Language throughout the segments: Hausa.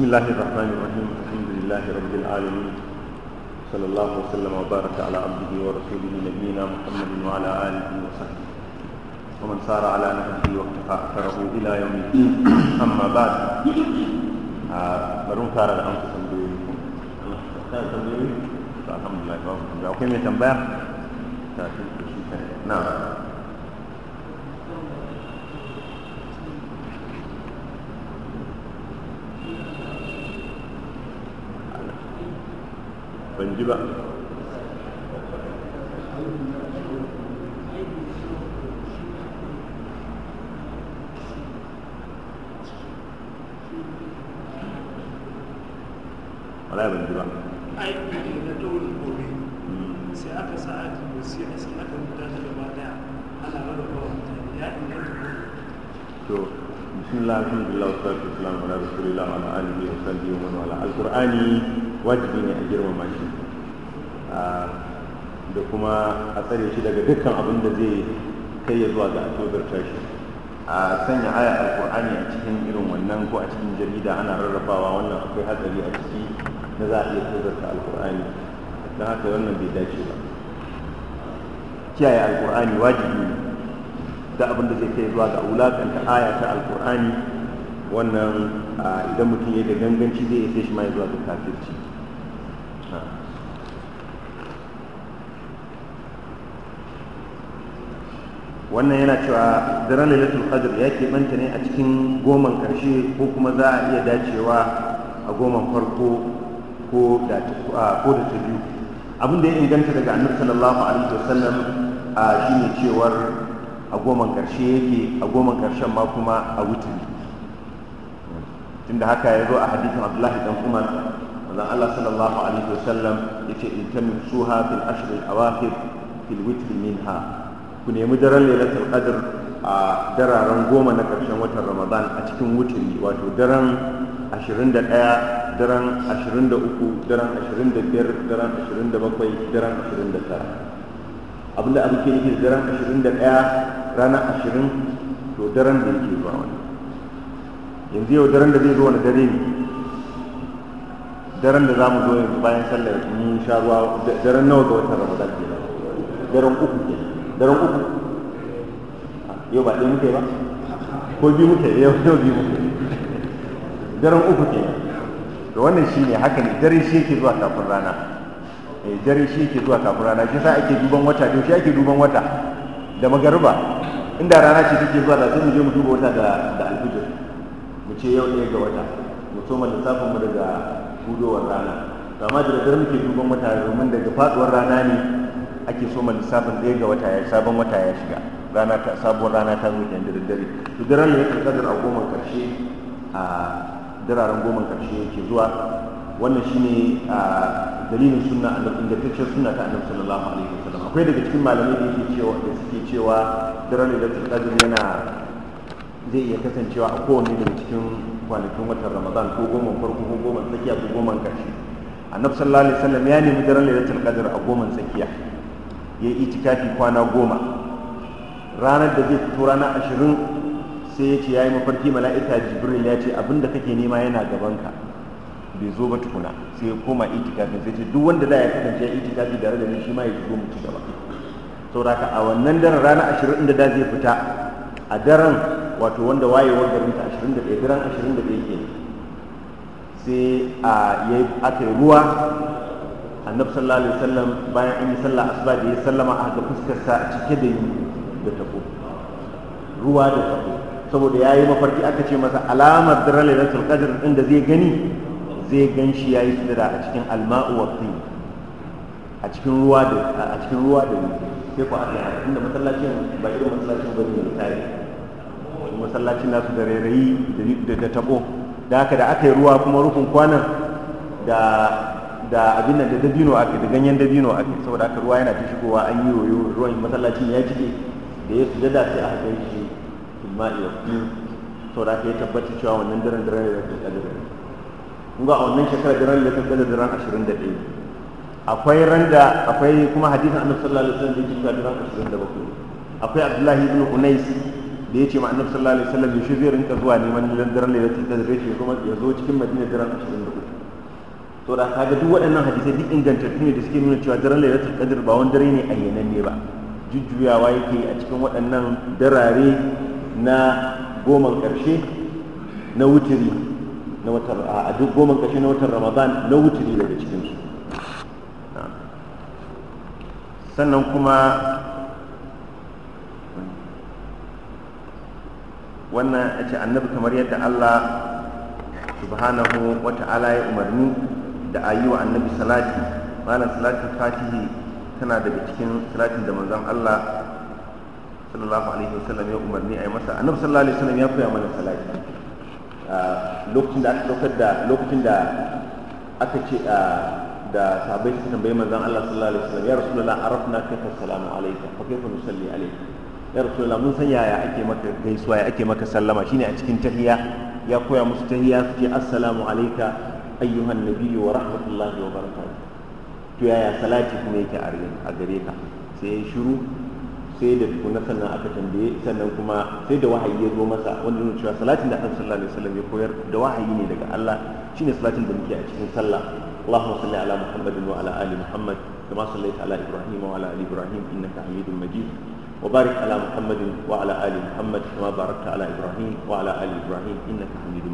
بسم الله الرحمن الرحيم الحمد لله رب العالمين صلى الله وسلم وبارك على عبده ورسوله نبينا محمد وعلى آله وصحبه ومن سار على نهجه واقتفى أثره إلى يوم الدين أما بعد bari سار على انفس الحمد لله kan tambayoyi alhamdulillah ba mu نعم ban ji ba wala ban ji ba hmm. bismillah alhamdulillah wassalatu wassalamu ala rasulillah wa ala alihi wa sahbihi wa man wala alqur'ani wajibi ne a girmama shi kuma a tsare shi daga dukkan abin da zai kai ya zuwa ga atobar tashi a sanya aya alkur'ani a cikin irin wannan ko a cikin jarida ana rarrabawa wannan akwai hatsari a ciki na za a iya tozarta alkur'ani don haka wannan bai dace ba kiyaye alkur'ani wajibi ne da abin da zai kai zuwa ga wulakanta aya ta alkur'ani wannan idan mutum ya da ganganci zai iya sai shi ma ya zuwa ga kafirci wannan yana cewa daren lailatul qadr ya banta ne a cikin goman karshe ko kuma za a iya dacewa a goman farko ko da ta biyu abin da ya inganta daga annabi sallallahu alaihi wasallam a shine cewar a goman karshe yake a goman karshen ma kuma a wutar tunda haka ya zo a hadisin abdullahi dan umar wannan allah sallallahu alaihi wasallam ya ce in tamin suha fil ashr al awakhir fil witr minha ku nemi daren lailatul qadr a dararen goma na ƙarshen watan ramadan a cikin wuturi wato daren 21 daren 23 daren 25 daren 27 daren 29 abinda abu ke nufi daren 21 ranar 20 to daren da yake zuwa wani yanzu yau daren da zai zo wani dare ne daren da za mu zo yanzu bayan sallar mun sha ruwa daren nawa ga watan ramadan ke daren uku kenan daren uku yau ba ɗaya muke ba ko biyu muke yau yau biyu muke daren uku ke da wannan shi ne haka ne Daren shi yake zuwa kafin rana eh dare shi yake zuwa kafin rana shi sa ake duban wata da shi ake duban wata da magariba inda rana ce take zuwa da sai mu je mu duba wata da da alfijir mu ce yau ne ga wata mu soma lissafin mu daga gudowar rana to amma da daren muke duban wata domin daga faduwar rana ne ake soma lissafin ɗaya ga wata ya sabon wata ya shiga rana ta sabon rana ta zo yanzu da dare to daren ne yake kadar a goma karshe a dararen goma karshe yake zuwa wannan shine a dalilin sunna annabi ingantaccen sunna ta annabi sallallahu alaihi wasallam akwai daga cikin malamai da yake cewa da suke cewa da lailatul qadr yana zai iya kasancewa a kowane daga cikin kwanakin watan ramadan ko goma farko ko goma tsakiya ko goma karshe annabi sallallahu alaihi wasallam ya nemi daren lailatul qadr a goma tsakiya ya yi itikafi kwana goma ranar da zai fito rana ashirin sai ya ce ya yi mafarki mala'ika jibril ya ce abinda kake nema yana gabanka bai zo ba tukuna sai ya koma itikafi sai ce duk wanda za ya kasance ya itikafi tare da ni shi ma ya shigo mu ci gaba sauraka a wannan daren rana ashirin inda da zai fita a daren wato wanda wayewar garin ta ashirin da ɗaya daren ashirin da ɗaya ke sai a aka ruwa annabi sallallahu alaihi wasallam bayan an yi sallah asuba da ya sallama a ga fuskarsa a cike da yi da tabo ruwa da tabo saboda ya yi mafarki aka ce masa alamar dara lailatul qadr din da zai gani zai gan shi ya yi sidira a cikin alma'u wa a cikin ruwa da a cikin ruwa da sai ku aka yi inda masallacin ba irin masallacin ba masallacin nasu da rairayi da tabo da haka da aka yi ruwa kuma rufin kwanan da da abin nan da dabino ake da ganyen dabino ake saboda haka ruwa yana ta shigowa an yi yoyo ruwan masallacin ya jike da ya sujada sai aka kai shi filma'i saboda haka ya tabbata cewa wannan daren daren da ya kadar kun ga a wannan shekarar daren da ta kadar daren 21 akwai randa akwai kuma hadisin annabi sallallahu alaihi wasallam da ya cewa daren 27 akwai abdullahi ibn unais da ya ce ma annabi sallallahu alaihi wasallam shi zai rinka zuwa neman daren da lailatul qadr ya kuma ya zo cikin madina daren 23 saboda kaga duk waɗannan hadisai duk ingantattu ne da suke nuna cewa daren lailatul qadr ba wani dare ne ne ba jujjuyawa yake a cikin waɗannan darare na goman ƙarshe na wutiri na watan a duk goman ƙarshe na watan ramadan na wutiri daga cikinsu sannan kuma wannan a ce annabi kamar yadda allah subhanahu wa ta'ala ya umarni da ayi wa annabi salati malam salatin fatihi tana daga cikin salatin da manzon Allah sallallahu alaihi wasallam ya umarni a yi masa annabi sallallahu alaihi wasallam ya koya mana salati lokacin da aka da lokacin da aka ce da sahabbai suka tambayi manzon Allah sallallahu alaihi wasallam ya rasulullah arafna kayfa salamu alayka fa kayfa nusalli alayka ya rasulullah mun san yaya ake maka gaisuwa ya ake maka sallama shine a cikin tahiya ya koya musu tahiya su ce assalamu alayka ayyuhan nabiyyu wa rahmatullahi wa barakatuh to yaya salati kuma yake a gare ka sai ya shiru sai da tukuna sannan aka tambaye sannan kuma sai da wahayi ya zo masa wanda nuna cewa salatin da annabi sallallahu alaihi wasallam ya koyar da wahayi ne daga Allah shine salatin da muke a cikin sallah Allahumma salli ala Muhammadin wa ala ali Muhammad kama sallaita ala Ibrahim wa ala ali Ibrahim innaka Hamidum Majid وبارك على محمد وعلى آل محمد كما باركت على إبراهيم وعلى آل إبراهيم إنك حميد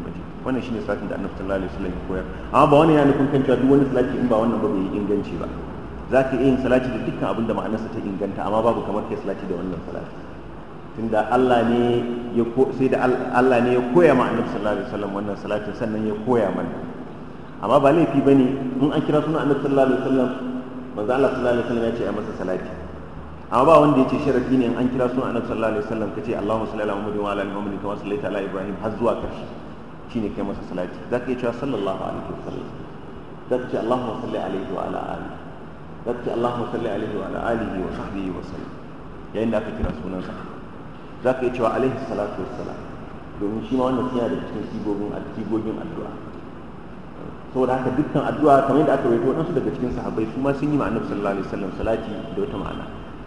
wannan shine satin da annabi sallallahu alaihi wasallam ya koyar amma ba wannan ya nufin kan cewa duk wani salati in ba wannan ba bai yi inganci ba za ka iya yin salati da dukkan abin da ma'anarsa ta inganta amma babu kamar kai salati da wannan salati tunda Allah ne ya ko sai da Allah ne ya koya ma annabi sallallahu alaihi wasallam wannan salati sannan ya koya mana amma ba laifi bane in an kira sunan annabi sallallahu alaihi wasallam manzo Allah sallallahu alaihi wasallam ya ce ai masa salati amma ba wanda ya ce sharadi ne in an kira sunan annabi sallallahu alaihi wasallam kace Allahumma salli ala Muhammadin wa ala ali Muhammadin kama sallaita ala Ibrahim har zuwa karshe shi ne kai masa salati za ka iya cewa sallallahu alaihi wa sallam za ka ce Allahumma salli alaihi wa ala ali za ka ce Allahumma salli alaihi wa ala alihi wa sahbihi wa sallam yayin da aka kira sunan sa za ka iya cewa alaihi salatu wa wassalam domin shi ma wannan suna da cikin sigogin sigogin addu'a saboda haka dukkan addu'a kamar yadda aka rawaito wadansu daga cikin sahabbai su ma sun yi ma'anar sallallahu alaihi wa sallam salati da wata ma'ana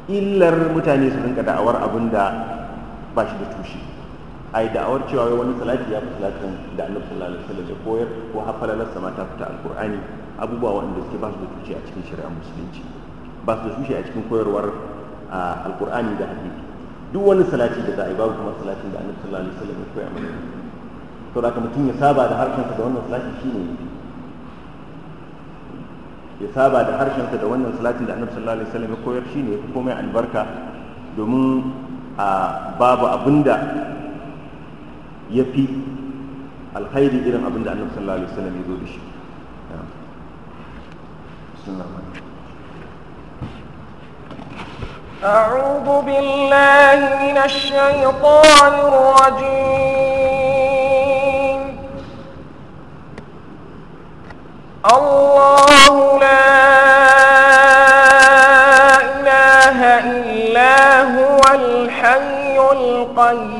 illar mutane su rinka da'awar abin da ba shi da tushe ai da'awar cewa wai wani salati ya fi salatin da annabi sallallahu alaihi wasallam ya koyar ko na sama ta fita alqur'ani abubuwa waɗanda suke ba su da tushe a cikin shari'ar musulunci ba su da tushe a cikin koyarwar alqur'ani da hadisi duk wani salati da za a yi babu kuma salatin da annabi sallallahu alaihi wasallam ya koya mana to da mutum ya saba da harshensa da wannan salati shine ya saba da harshensa da wannan salatin da annabi sallallahu alaihi wasallam ya koyar shine ya fi komai albarka domin a babu abinda ya fi alkhairi irin abin da annabi sallallahu alaihi wasallam ya zo da shi أعوذ بالله من الشيطان الرجيم الله لا إله إلا هو الحي القيوم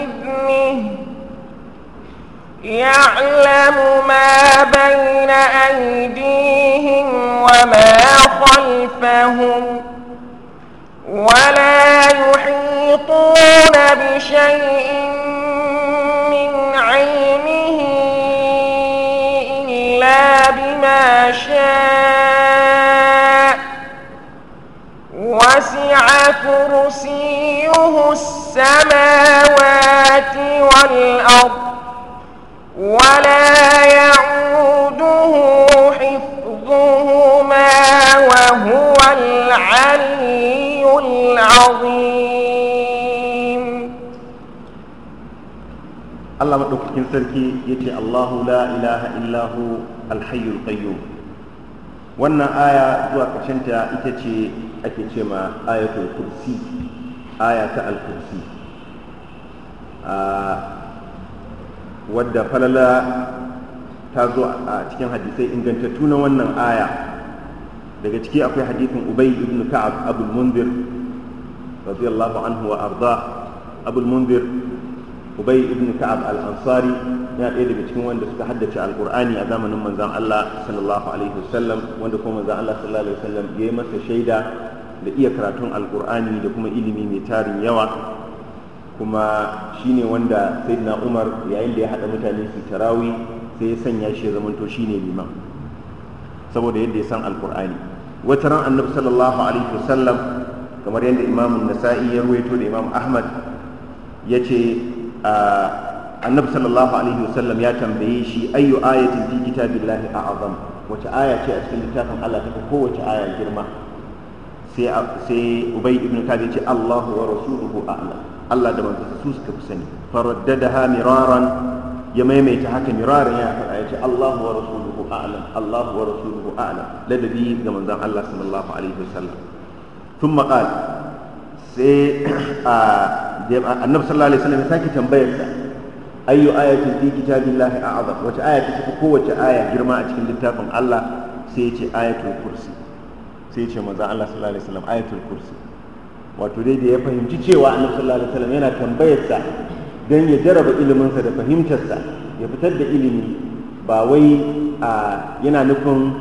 يعلم ما بين أيديهم وما خلفهم ولا يحيطون بشيء من علمه إلا بما شاء وسع كرسيه السماوات والأرض wala yauduhu xifzume wa sarki ya ce allahu la ilaha illahu alhayu alqayu wannan aya zuwa a kacinta ita ce ake ce ma aya ta al-kursi. wadda falala ta zo a cikin hadisai ingantattu na wannan aya daga ciki akwai hadisin ubay ibn ka'ab abul munzir radiyallahu anhu wa arda abul munzir ubay ibn ka'ab al-ansari ya ɗaya daga cikin wanda suka haddace alqur'ani a zamanin manzon Allah sallallahu alaihi wasallam wanda kuma manzon Allah sallallahu alaihi wasallam ya yi masa shaida da iya karatun alqur'ani da kuma ilimi mai tarin yawa kuma shine wanda sayyidina umar yayin da ya haɗa mutane su tarawi sai ya sanya shi ya zamanto ne liman saboda yadda ya san alkur'ani wata ran annabi sallallahu alaihi wasallam kamar yadda imam nasa'i ya ruwaito da imam ahmad ya ce annabi sallallahu alaihi wasallam ya tambaye shi ayyu ayatin fi kitabillahi a'azam wace aya ce a cikin littafin Allah ta kowace aya girma sai sai ubay ibn kabi ce Allahu wa rasuluhu a'lam Allah da manzo su suka fi sani faraddadaha miraran ya maimaita haka miraran ya faɗa ya ce wa rasuluhu a'lam Allahu wa rasuluhu a'lam ladabi ga manzon Allah sallallahu alaihi wasallam ثم قال sai annabi sallallahu alaihi wasallam ya sake tambayar sa ayyu ayatin fi kitabillahi a'zam wata aya ta fi kowace aya girma a cikin littafin Allah sai ya ce ayatul kursi sai ya ce manzon Allah ayatul kursi wato dai da ya fahimci cewa annabi sallallahu alaihi wasallam yana tambayarsa don ya jaraba iliminsa da fahimtarsa ya fitar da ilimi ba wai a yana nufin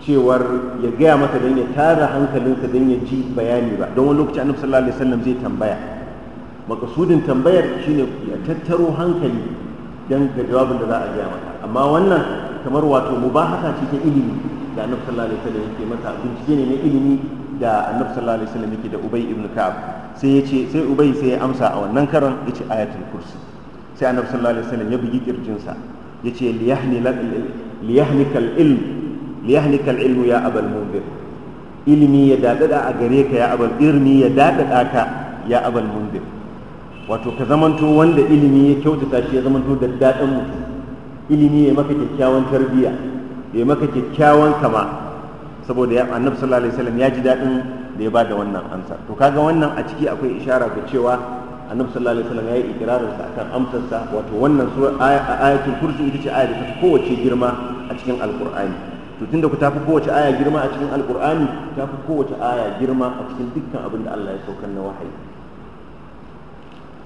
cewar ya gaya masa dan ya tara hankalinsa dan ya ji bayani ba don wani lokaci annabi sallallahu alaihi wasallam zai tambaya makasudin tambayar shine ya tattaro hankali don ga jawabin da za a gaya masa amma wannan kamar wato mubahasa ce ta ilimi da annabi sallallahu alaihi wasallam yake masa bincike ne na ilimi da annabi sallallahu alaihi wasallam yake da ubay ibn ka'ab sai ya ce sai ubay sai ya amsa a wannan karan yace ayatul kursi sai annabi sallallahu alaihi wasallam ya bugi kirjin kirjinsa ya ce liyahnikal ilm liyahnikal ilm ya abal mundir ilmi ya dadada a gare ka ya abal irmi ya dadada ka ya abal mundir wato ka zamanto wanda ilimi ya kyautata shi ya zamanto da dadan mutum ilimi ya maka kyakkyawan tarbiya ya maka kyakkyawan kama saboda annabi sallallahu alaihi wasallam ya ji daɗin da ya ba da wannan amsa to kaga wannan a ciki akwai ishara ga cewa annabi sallallahu alaihi wasallam ya yi ikirarinsa akan amsarsa wato wannan ayatul kursi ita ce aya da ta kowace girma a cikin alqur'ani to tunda ku tafi kowace aya girma a cikin alqur'ani tafi kowace aya girma a cikin dukkan abin da Allah ya saukar na wahayi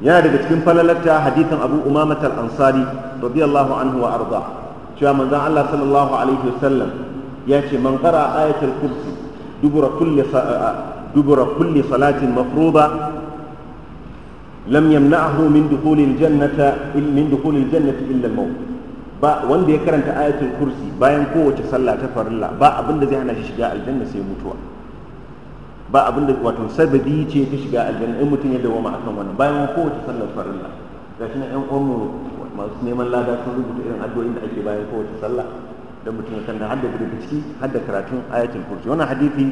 yana daga cikin falalatta hadithan Abu Umamah al-Ansari radiyallahu anhu wa arda cewa manzon Allah sallallahu alaihi wasallam ya ce man qara ayatul kursi dubura kulli dubura kulli salatin mafruda lam yamna'ahu min dukhulil jannata min dukhulil jannati illa al ba wanda ya karanta ayatul kursi bayan kowace sallah ta farilla ba abinda zai hana shi shiga aljanna sai mutuwa ba abin da wato sababi ce ta shiga aljanna in mutum ya dawoma akan wannan bayan kowace sallar farilla gashi na ɗan uwanmu masu neman lada sun rubuta irin addu'o'in da ake bayan kowace sallah da mutum ya kanta da ciki karatun ayatul kursi wannan hadisi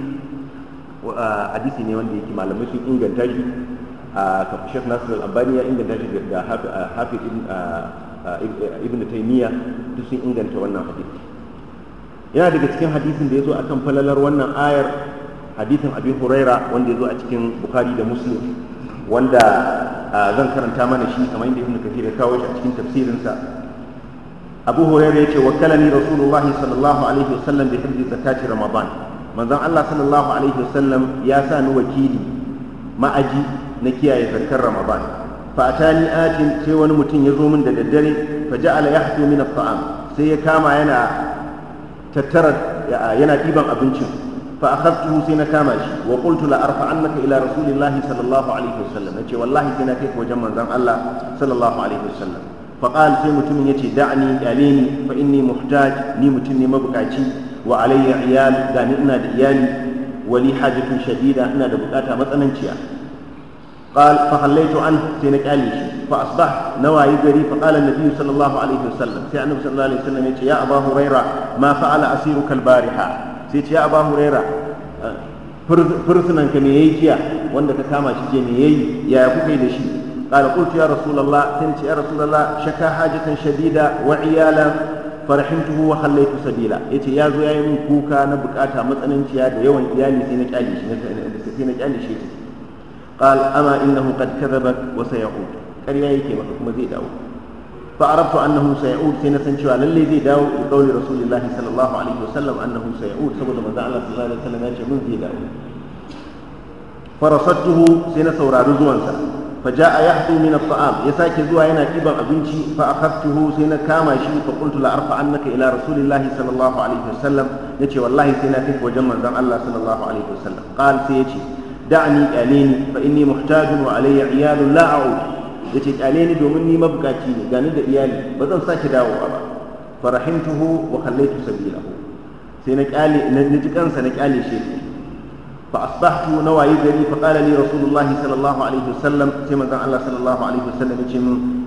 hadisi ne wanda yake malamai sun inganta shi a Sheikh Nasir al-Albani ya inganta shi da hafi ibn taimiyya duk sun inganta wannan hadisi yana daga cikin hadisin da ya zo a kan falalar wannan ayar hadisin abin Huraira wanda ya zo a cikin bukari da Muslim wanda zan karanta mana shi kamar yadda Ibn kafir ya kawo shi a cikin tafsirinsa abu hurairah yace wakalani rasulullahi sallallahu alaihi wasallam bi hifzi zakati ramadan manzon Allah sallallahu alaihi wasallam ya sa ni wakili ma'aji na kiyaye zakar ramadan fa atani atin sai wani mutum ya zo min da daddare fa ja'ala yahtu min at-ta'am sai ya kama yana tattara yana ɗiban abincin fa akhadtuhu sai na kama shi wa qultu la arfa'annaka ila rasulillahi sallallahu alaihi wasallam nace wallahi sai na kai wajen manzon Allah sallallahu alaihi wasallam faƙal sai mutumin ya ce da'ani yaleni fa inni muhtaj ni mutum ne mabukaci wa alayya iyal ga ina da iyali wa li hajatun shadida ina da bukata matsananciya qal fa an sai na kyale shi fa asbah nawayi gari fa qala nabi sallallahu alaihi wasallam sai annabi sallallahu alaihi wasallam ya ce ya aba huraira ma fa'ala asiruka albariha sai ce ya aba huraira fursunan ka me yayi jiya wanda ka kama shi je me yayi yaya kuka yi da shi قال قلت يا رسول الله سنت يا رسول الله شكا حاجة شديدة وعيالا فرحمته وخليت سبيلا يتي يا زو يا من كوكا نبكاتا متسننتيا دا يوان ايالي سي نكالي سي نكالي شي قال اما انه قد كذبك وسيعود قريا يكي مكا كما زي داو فعرفت انه سيعود سنة سنشوا للي زي داو بقول رسول الله صلى الله عليه وسلم انه سيعود سبب ما زعل صلى الله عليه وسلم يجي من زي داو فرصدته سنة سورة رزوانسا fa jaa yahdu min at ya sake zuwa yana ɗiban abinci fa kar tuho sai na kama shi fa qultu la arfa ila rasulillahi sallallahu alaihi wasallam nace wallahi sai na tafi wajen manzon Allah sallallahu alaihi qal sai yace da'ni qalini fa inni muhtajun wa alayya iyalun la a'ud yace qalini domin ni mabukaci ne gani da iyali ba zan sake dawowa ba farahimtuhu wa khallaitu sai na kyale na kyale shi فأصبحت نواي غري فقال لي رسول الله صلى الله عليه وسلم كما قال الله صلى الله عليه وسلم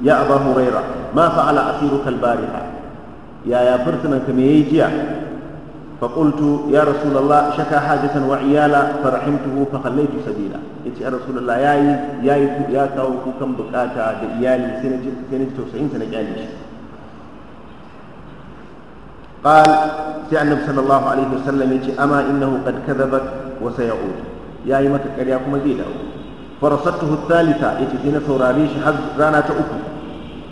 يا أبا هريرة ما فعل أسيرك البارحة يا يا فرسنا كم يجيع فقلت يا رسول الله شكا حاجة وعيالا فرحمته فخليت سبيلا يا رسول الله يا يا يا كاو كم بكاتا ديالي سنة سنة 90 سنة جالي قال في النبي صلى الله عليه وسلم يجي أما إنه قد كذبت wasa ya ode ya yi mata karya kuma zai dawo farasatu hutalita yace sai na saurare shi har rana ta uku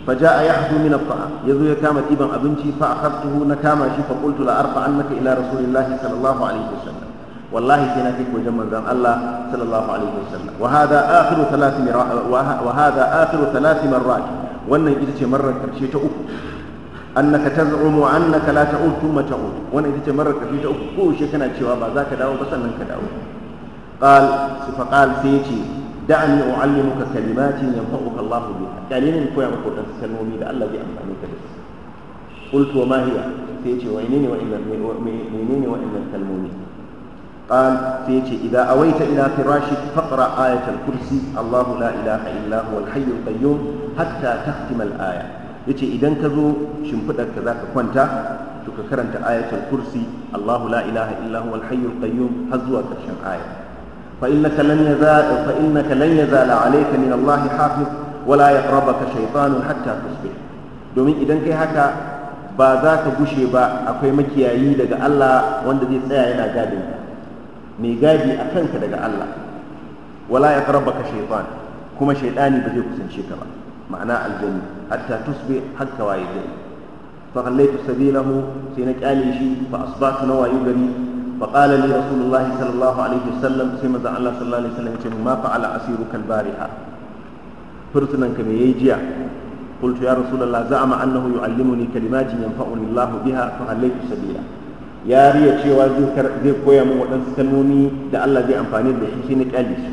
faja jaa yahdu min al ya zo ya kama ɗiban abinci fa kar tuhu na kama shi fa qultu la arfa annaka ila rasulillahi sallallahu alaihi wasallam wallahi sai na kiko wajen manzon Allah sallallahu alaihi wa hada akhiru thalath mirat wa hada akhiru thalath wannan ita ce marar karshe ta uku annaka taz'umu annaka la ta'ud thumma ta'ud wannan ita ce marar kafi ta uku ko she kana cewa ba za ka dawo ba sannan ka dawo qal fa qal sai yace da'ani u'allimuka kalimatin yanfa'uka Allah biha dalilin koya maka wadansu kalmomi da Allah zai amfani ka da su qultu wa ma hiya sai yace wa inini wa illa menene wa illa kalmomi قال فيتي إذا أويت إلى فراشك فاقرأ آية الكرسي الله لا إله إلا هو الحي القيوم حتى تختم الآية yace idan ka zo za ka zaka kwanta to ka karanta ayatul kursi Allahu la ilaha illa huwal hayyul qayyum har zuwa karshen aya fa innaka lan yazala fa innaka lan yazala alayka min Allah hafiz wala yaqrabaka shaytanun hatta tusbih domin idan kai haka ba za ka gushe ba akwai makiyayi daga Allah wanda zai tsaya yana gadin mai gadi a kanka daga Allah wala yaqrabaka shaytan kuma shaytani ba zai kusance ka ba ma'ana aljanni hatta tusbi har ka waye gari fa kallaitu sabilahu sai na kyale shi fa asbatu na wayu gari fa qala li rasulullah sallallahu alaihi wasallam sai maza Allah sallallahu alaihi wasallam ce ma fa'ala asiruka albariha fursunan ka me yayi jiya قلت يا رسول الله زعم انه يعلمني كلمات ينفعني الله بها فخليت سبيلا ya riya cewa zai koya min waɗansu kalmomi da Allah zai amfani da shi shi na kyale shi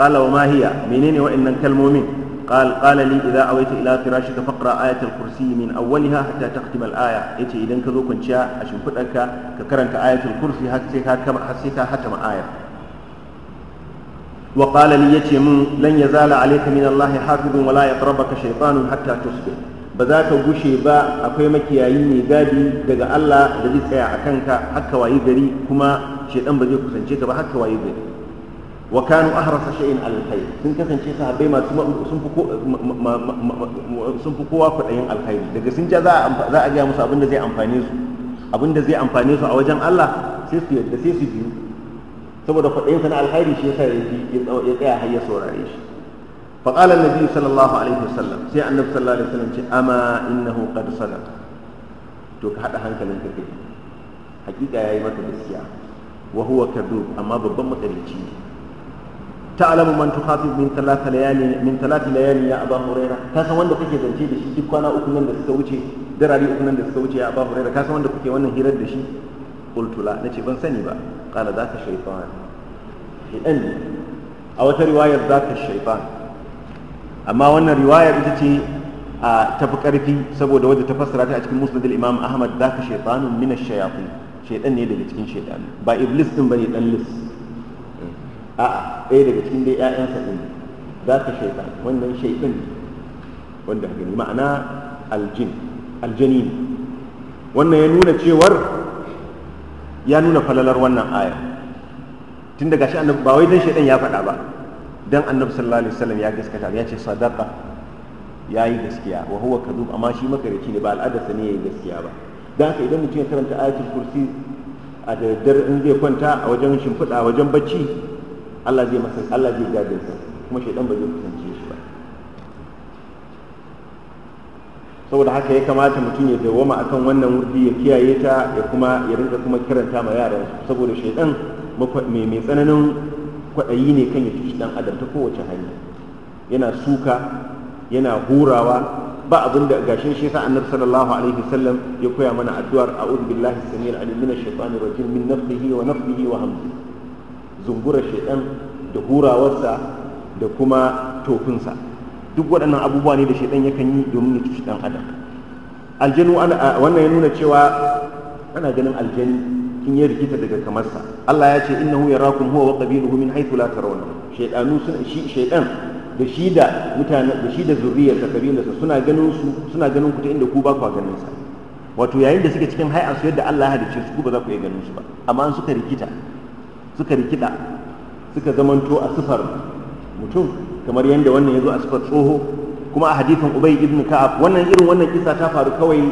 qala wa ma hiya menene waɗannan kalmomin قال قال لي إذا أويت إلى فراشك فقرأ آية الكرسي من أولها حتى تختم الآية يتي إذا كذو كنت أشن كتك ككرنت آية الكرسي حسيتها حتم آية وقال لي يتي من لن يزال عليك من الله حافظ ولا يقربك شيطان حتى تصبح بذاك غشي با akwai makiyayi mai gadi daga Allah da zai tsaya a kanka haka wayi gari kuma shedan ba zai kusance ka ba haka wayi gari wa kanu ahrasa shay'in al sun kasance sahabbai masu sun fi sun fi kowa kudayin alkhairi daga sun ce za za a ga musu abin da zai amfane su abinda zai amfane su a wajen Allah sai su yadda sai su biyu saboda kudayin sa na alkhairi shi yasa ya tsaya har ya saurare shi فقال النبي صلى sallallahu alaihi wasallam sai annabi sallallahu alaihi wasallam ce ama innahu qad صدق to ka haɗa hankalin ka kai hakika yayi maka gaskiya wa huwa kadhub amma babban makarici ne ta'lamu man tukhatib min thalath layali min thalath layali ya aba huraira wanda kake zance da shi duk uku nan da suka wuce darari uku nan da suka wuce ya aba huraira wanda kuke wannan hirar da shi qultu la nace ban sani ba qala zaka shaytan shaytan ne a wata riwayar zaka shaytan amma wannan riwayar ita ce a tafi karfi saboda wadda ta fassara ta a cikin musnad imam ahmad zaka shaytanun min ne daga cikin shaytan ba iblis din bane dan lis a'a ɗaya daga cikin dai ƴaƴansa ɗin za ka shaitan wannan shaitan ne wanda ka gani ma'ana aljin aljani ne wannan ya nuna cewar ya nuna falalar wannan aya tun daga shi annabi ba wai dan shaitan ya faɗa ba dan annabi sallallahu alaihi wasallam ya gaskata ya ce sadaqa ya yi gaskiya wa huwa kadhub amma shi makarici ne ba al'adarsa ne ya yi gaskiya ba dan haka idan mutum ya karanta ayatul kursi a daddare in zai kwanta a wajen shimfiɗa a wajen bacci Allah zai masa Allah zai gadin sa kuma shaidan ba zai kusance shi ba saboda haka ya kamata mutum ya dawwama akan wannan wurdi ya kiyaye ta ya kuma ya rinka kuma kiranta ma yaran saboda shaidan mai mai tsananin kwaɗayi ne kan ya cuci dan adam ta kowace hanya yana suka yana hurawa ba abin da gashin shi sa annabi sallallahu alaihi wasallam ya koya mana addu'ar a'udhu billahi samir alim minash shaitani rajim min nafsihi wa nafsihi wa hamdihi zungura shaidan da hurawarsa da kuma tofinsa duk waɗannan abubuwa ne da shaidan yakan yi domin ya cuci ɗan adam aljanu wannan ya nuna cewa ana ganin aljani kin yi rikita daga kamarsa Allah ya ce innahu yarakum huwa wa qabiluhu min haythu la tarawna shaydanu shi shaydan da shi da mutane da shi da zuriyarsa kabilarsa suna ganin su suna ganin ku ta inda ku ba ku ganin sa wato yayin da suke cikin hay'a su yadda Allah ya halice su ku ba za ku iya ganin su ba amma an suka rikita suka rikida suka zamanto a sifar mutum kamar yadda wannan ya zo a sifar tsoho kuma a hadithin ubay ibn ka'ab wannan irin wannan kisa ta faru kawai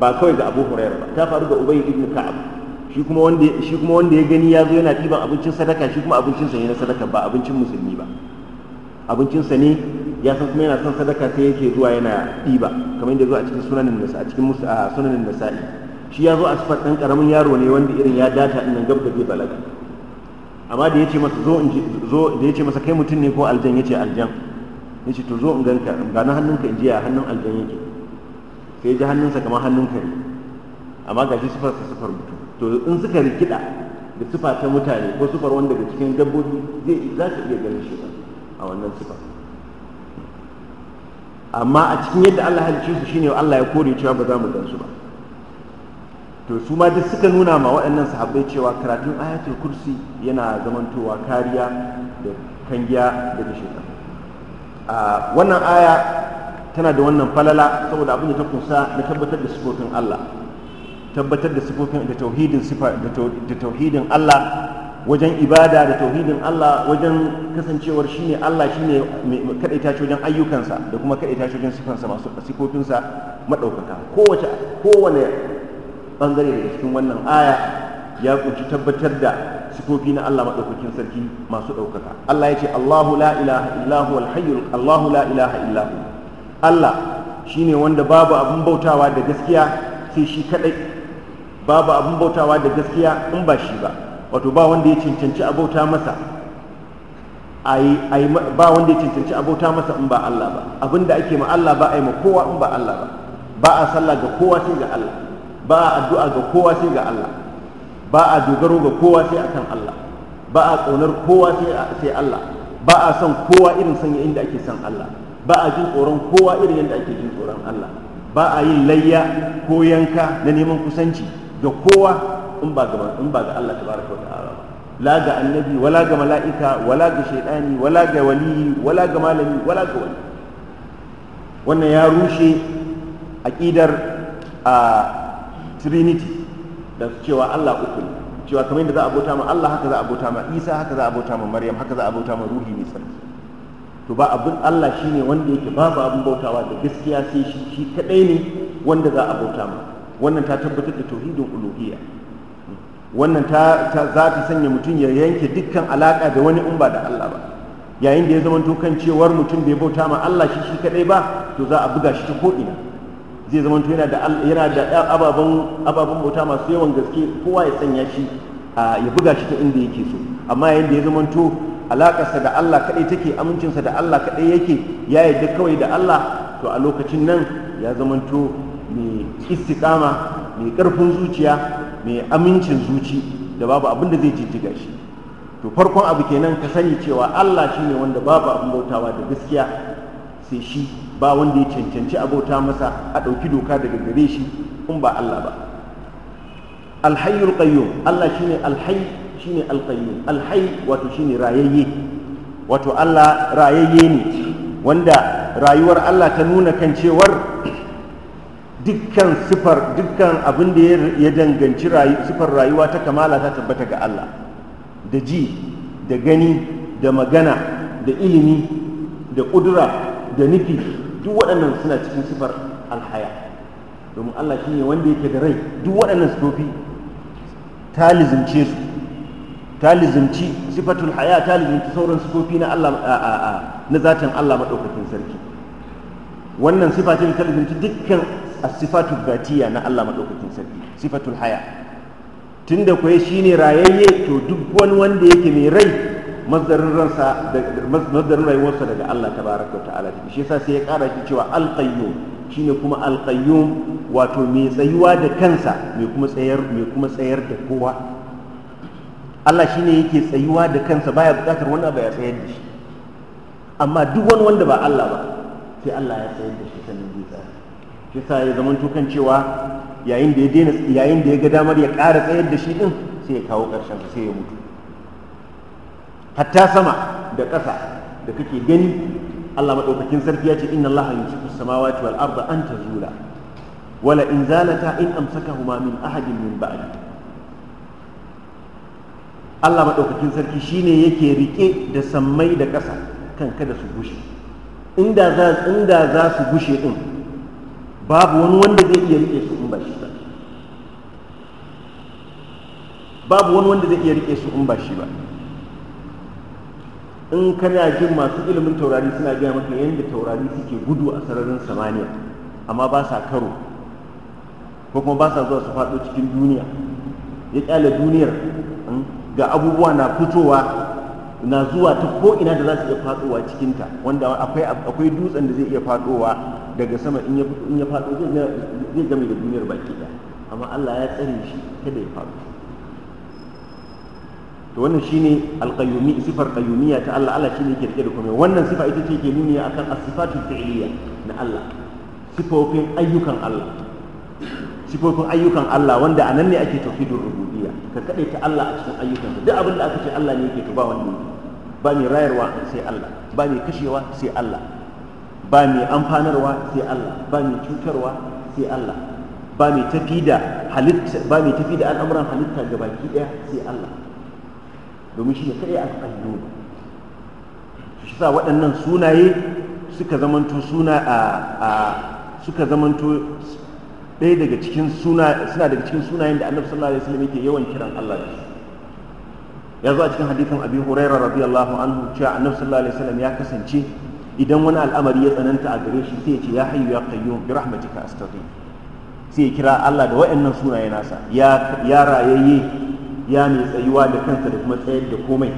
ba kawai ga abu hurairah ba ta faru ga ubay ibn ka'ab shi kuma wanda shi kuma wanda ya gani ya zo yana ɗiban abincin sadaka shi kuma abincin sa ne na sadaka ba abincin musulmi ba abincin sa ne ya san kuma yana son sadaka sai yake zuwa yana ɗiba kamar yadda zo a cikin sunanin nasa a cikin sunanin nasa'i shi ya zo a sifar ɗan ƙaramin yaro ne wanda irin ya data ɗin gab da bai balaga amma da ce masa zo in zo da ce masa kai mutum ne ko aljan yace aljan yace to zo in ganka in gani na hannunka in ji a hannun aljan yake sai ji hannunsa kamar hannun kare amma ga shi sifar sifar mutum to in suka rikida da sifa ta mutane ko sifar wanda daga cikin dabbobi zai za su iya ganin shi a wannan sifa amma a cikin yadda Allah halicce su shine Allah ya kore cewa ba za mu gan su ba to su ma duk suka nuna ma waɗannan sahabbai cewa karatun ayatul kursi yana zamantowa kariya da kangiya daga shaitan a wannan aya tana da wannan falala saboda abin da ta kunsa na tabbatar da sifofin Allah tabbatar da sifofin da tauhidin sifa da tauhidin Allah wajen ibada da tauhidin Allah wajen kasancewar shine Allah shine kadai ta wajen ayyukansa da kuma kadai ta wajen sifansa masu sifofinsa madaukaka kowace kowane bangare daga cikin wannan aya ya kunshi tabbatar da sifofi na Allah maɗaukakin sarki masu ɗaukaka. Allah ya ce Allahu la ilaha illahu, huwal Allahu la ilaha illahu. Allah shi ne wanda babu abin bautawa da gaskiya sai shi kaɗai, babu abin bautawa da gaskiya in ba shi ba wato ba wanda ya cancanci a bauta masa ba wanda ya cancanci abota masa in ba Allah ba abinda ake ma Allah ba a yi ma kowa in ba Allah ba ba a sallah ga kowa sai ga Allah ba a addu'a ga kowa sai ga Allah ba a dogaro ga kowa sai akan Allah ba a ƙaunar kowa sai Allah ba a son kowa irin sanya inda ake son Allah ba a jin tsoron kowa irin yadda ake jin tsoron Allah ba a yin layya ko yanka na neman kusanci ga kowa in ba ga in ba ga Allah tabaraka wa ta'ala la ga annabi wala ga mala'ika wala ga shaydani wala ga wali wala ga malami wala ga wali wannan ya rushe aqidar a trinity da cewa Allah uku ne cewa kamar yadda za a bauta ma Allah haka za a bauta ma Isa haka za a bauta ma Maryam haka za a bauta ma ruhi mai tsarki to ba abin Allah shine wanda yake babu abin bautawa da gaskiya sai shi shi kadai ne wanda za a bauta ma wannan ta tabbatar da tauhidin uluhiyya wannan ta za ta sanya mutum ya yanke dukkan alaka da wani in ba da Allah ba yayin da ya zama kan cewar mutum bai bauta ma Allah shi shi kadai ba to za a buga shi ta ko'ina zai zama yana da yana da eh, ababen ababen bauta masu yawan gaske kowa ya sanya shi ya buga shi ta inda yake so amma yayin da ya zama to alakarsa da Allah kadai take amincinsa da Allah kadai yake ya yarda kawai da Allah to a lokacin nan ya zama to mai istiqama mai karfin zuciya mai amincin zuci da babu abin da zai jijjiga shi to farkon abu kenan ka sani cewa Allah shine wanda babu abin bautawa da gaskiya sai shi ba wanda ya cancanci abota masa a ɗauki doka daga gare shi Kun ba Allah ba alhayyul qayyum Allah shine alhayy shine alqayyum alhayy wato shine rayayye wato Allah rayayye ne wanda rayuwar Allah ta nuna kan cewar dukkan sifar dukkan abin da ya danganci sifar rayuwa ta kamala ta tabbata ga Allah da ji da gani da magana da ilimi da ƙudura da nufi duk waɗannan suna cikin sifar alhaya domin Allah ne wanda yake da rai duk waɗannan su ta talizimce su talizimci lizimci sifatul haya ta lizimci sauran sifofi na Allah na zatin Allah maɗaukakin sarki wannan sifa ce dukkan a sifatul zatiya na Allah maɗaukakin sarki sifatul haya tunda kuwa ne rayayye to duk wani wanda yake mai rai mazdarin ransa mazdarin rayuwarsa daga Allah tabaraka ta'ala shi yasa sai ya kara shi cewa al-qayyum shine kuma al-qayyum wato mai tsayuwa da kansa mai kuma tsayar mai kuma tsayar da kowa Allah shine yake tsayuwa da kansa baya bukatar wannan ba ya tsayar da shi amma duk wani wanda ba Allah ba sai Allah ya tsayar da shi sannan zai tsaya shi yasa ya zama tukan cewa yayin da ya daina yayin da ya ga damar ya ƙara tsayar da shi din sai ya kawo ƙarshen sai ya mutu hatta sama da ƙasa da kake gani Allah maɗaukakin sarki ya ce inna Allah yumsiku samawati wal arda an tazula wala in zalata in huma min ahadin min ba'di Allah maɗaukakin sarki shine yake rike da sammai da ƙasa kan kada su gushe inda za inda za su gushe din babu wani wanda zai iya rike su in ba shi ba babu wani wanda zai iya rike su in ba shi ba in kana jin masu ilimin taurari suna gaya maka yadda taurari suke gudu a sararin samaniya amma ba sa karo ko kuma ba sa zuwa su faɗo cikin duniya ya ƙyale duniyar hmm, ga abubuwa na fitowa na zuwa ta ko'ina da za su iya faɗowa cikinta wanda akwai dutsen da zai iya faɗowa daga sama in ya faɗo zai game da duniyar baki ɗaya amma allah ya tsare shi kada ya faɗo to wannan shine alqayyumi sifar qayyumiyya ta Allah Allah shine yake rike da komai wannan sifa ita ce ke nuni akan as-sifatul fi'liyya na Allah sifofin ayyukan Allah sifofin ayyukan Allah wanda anan ne ake tauhidur rububiyya ka kade ta Allah a cikin ayyukan duk abin da aka ce Allah ne yake to ba wanda ba ni rayarwa sai Allah ba ni kashewa sai Allah ba ni amfanarwa sai Allah ba ni cutarwa sai Allah ba ni tafi da halitta ba mai tafi da al'amuran halitta gabaki daya sai Allah domin shi ne kaɗai alƙayyum shi sa waɗannan sunaye suka zamanto suna a suka zamanto ɗaya daga cikin suna suna daga cikin sunayen da annabi sallallahu alaihi wasallam yake yawan kiran Allah da su ya zo a cikin hadithin abi hurairah radiyallahu anhu cewa annabi sallallahu alaihi wasallam ya kasance idan wani al'amari ya tsananta a gare shi sai ya ce ya hayyu ya qayyum bi rahmatika astaghfir sai ya kira Allah da wa'annan sunaye nasa ya ya rayayye ya mai tsayuwa da kansa da kuma tsayar da komai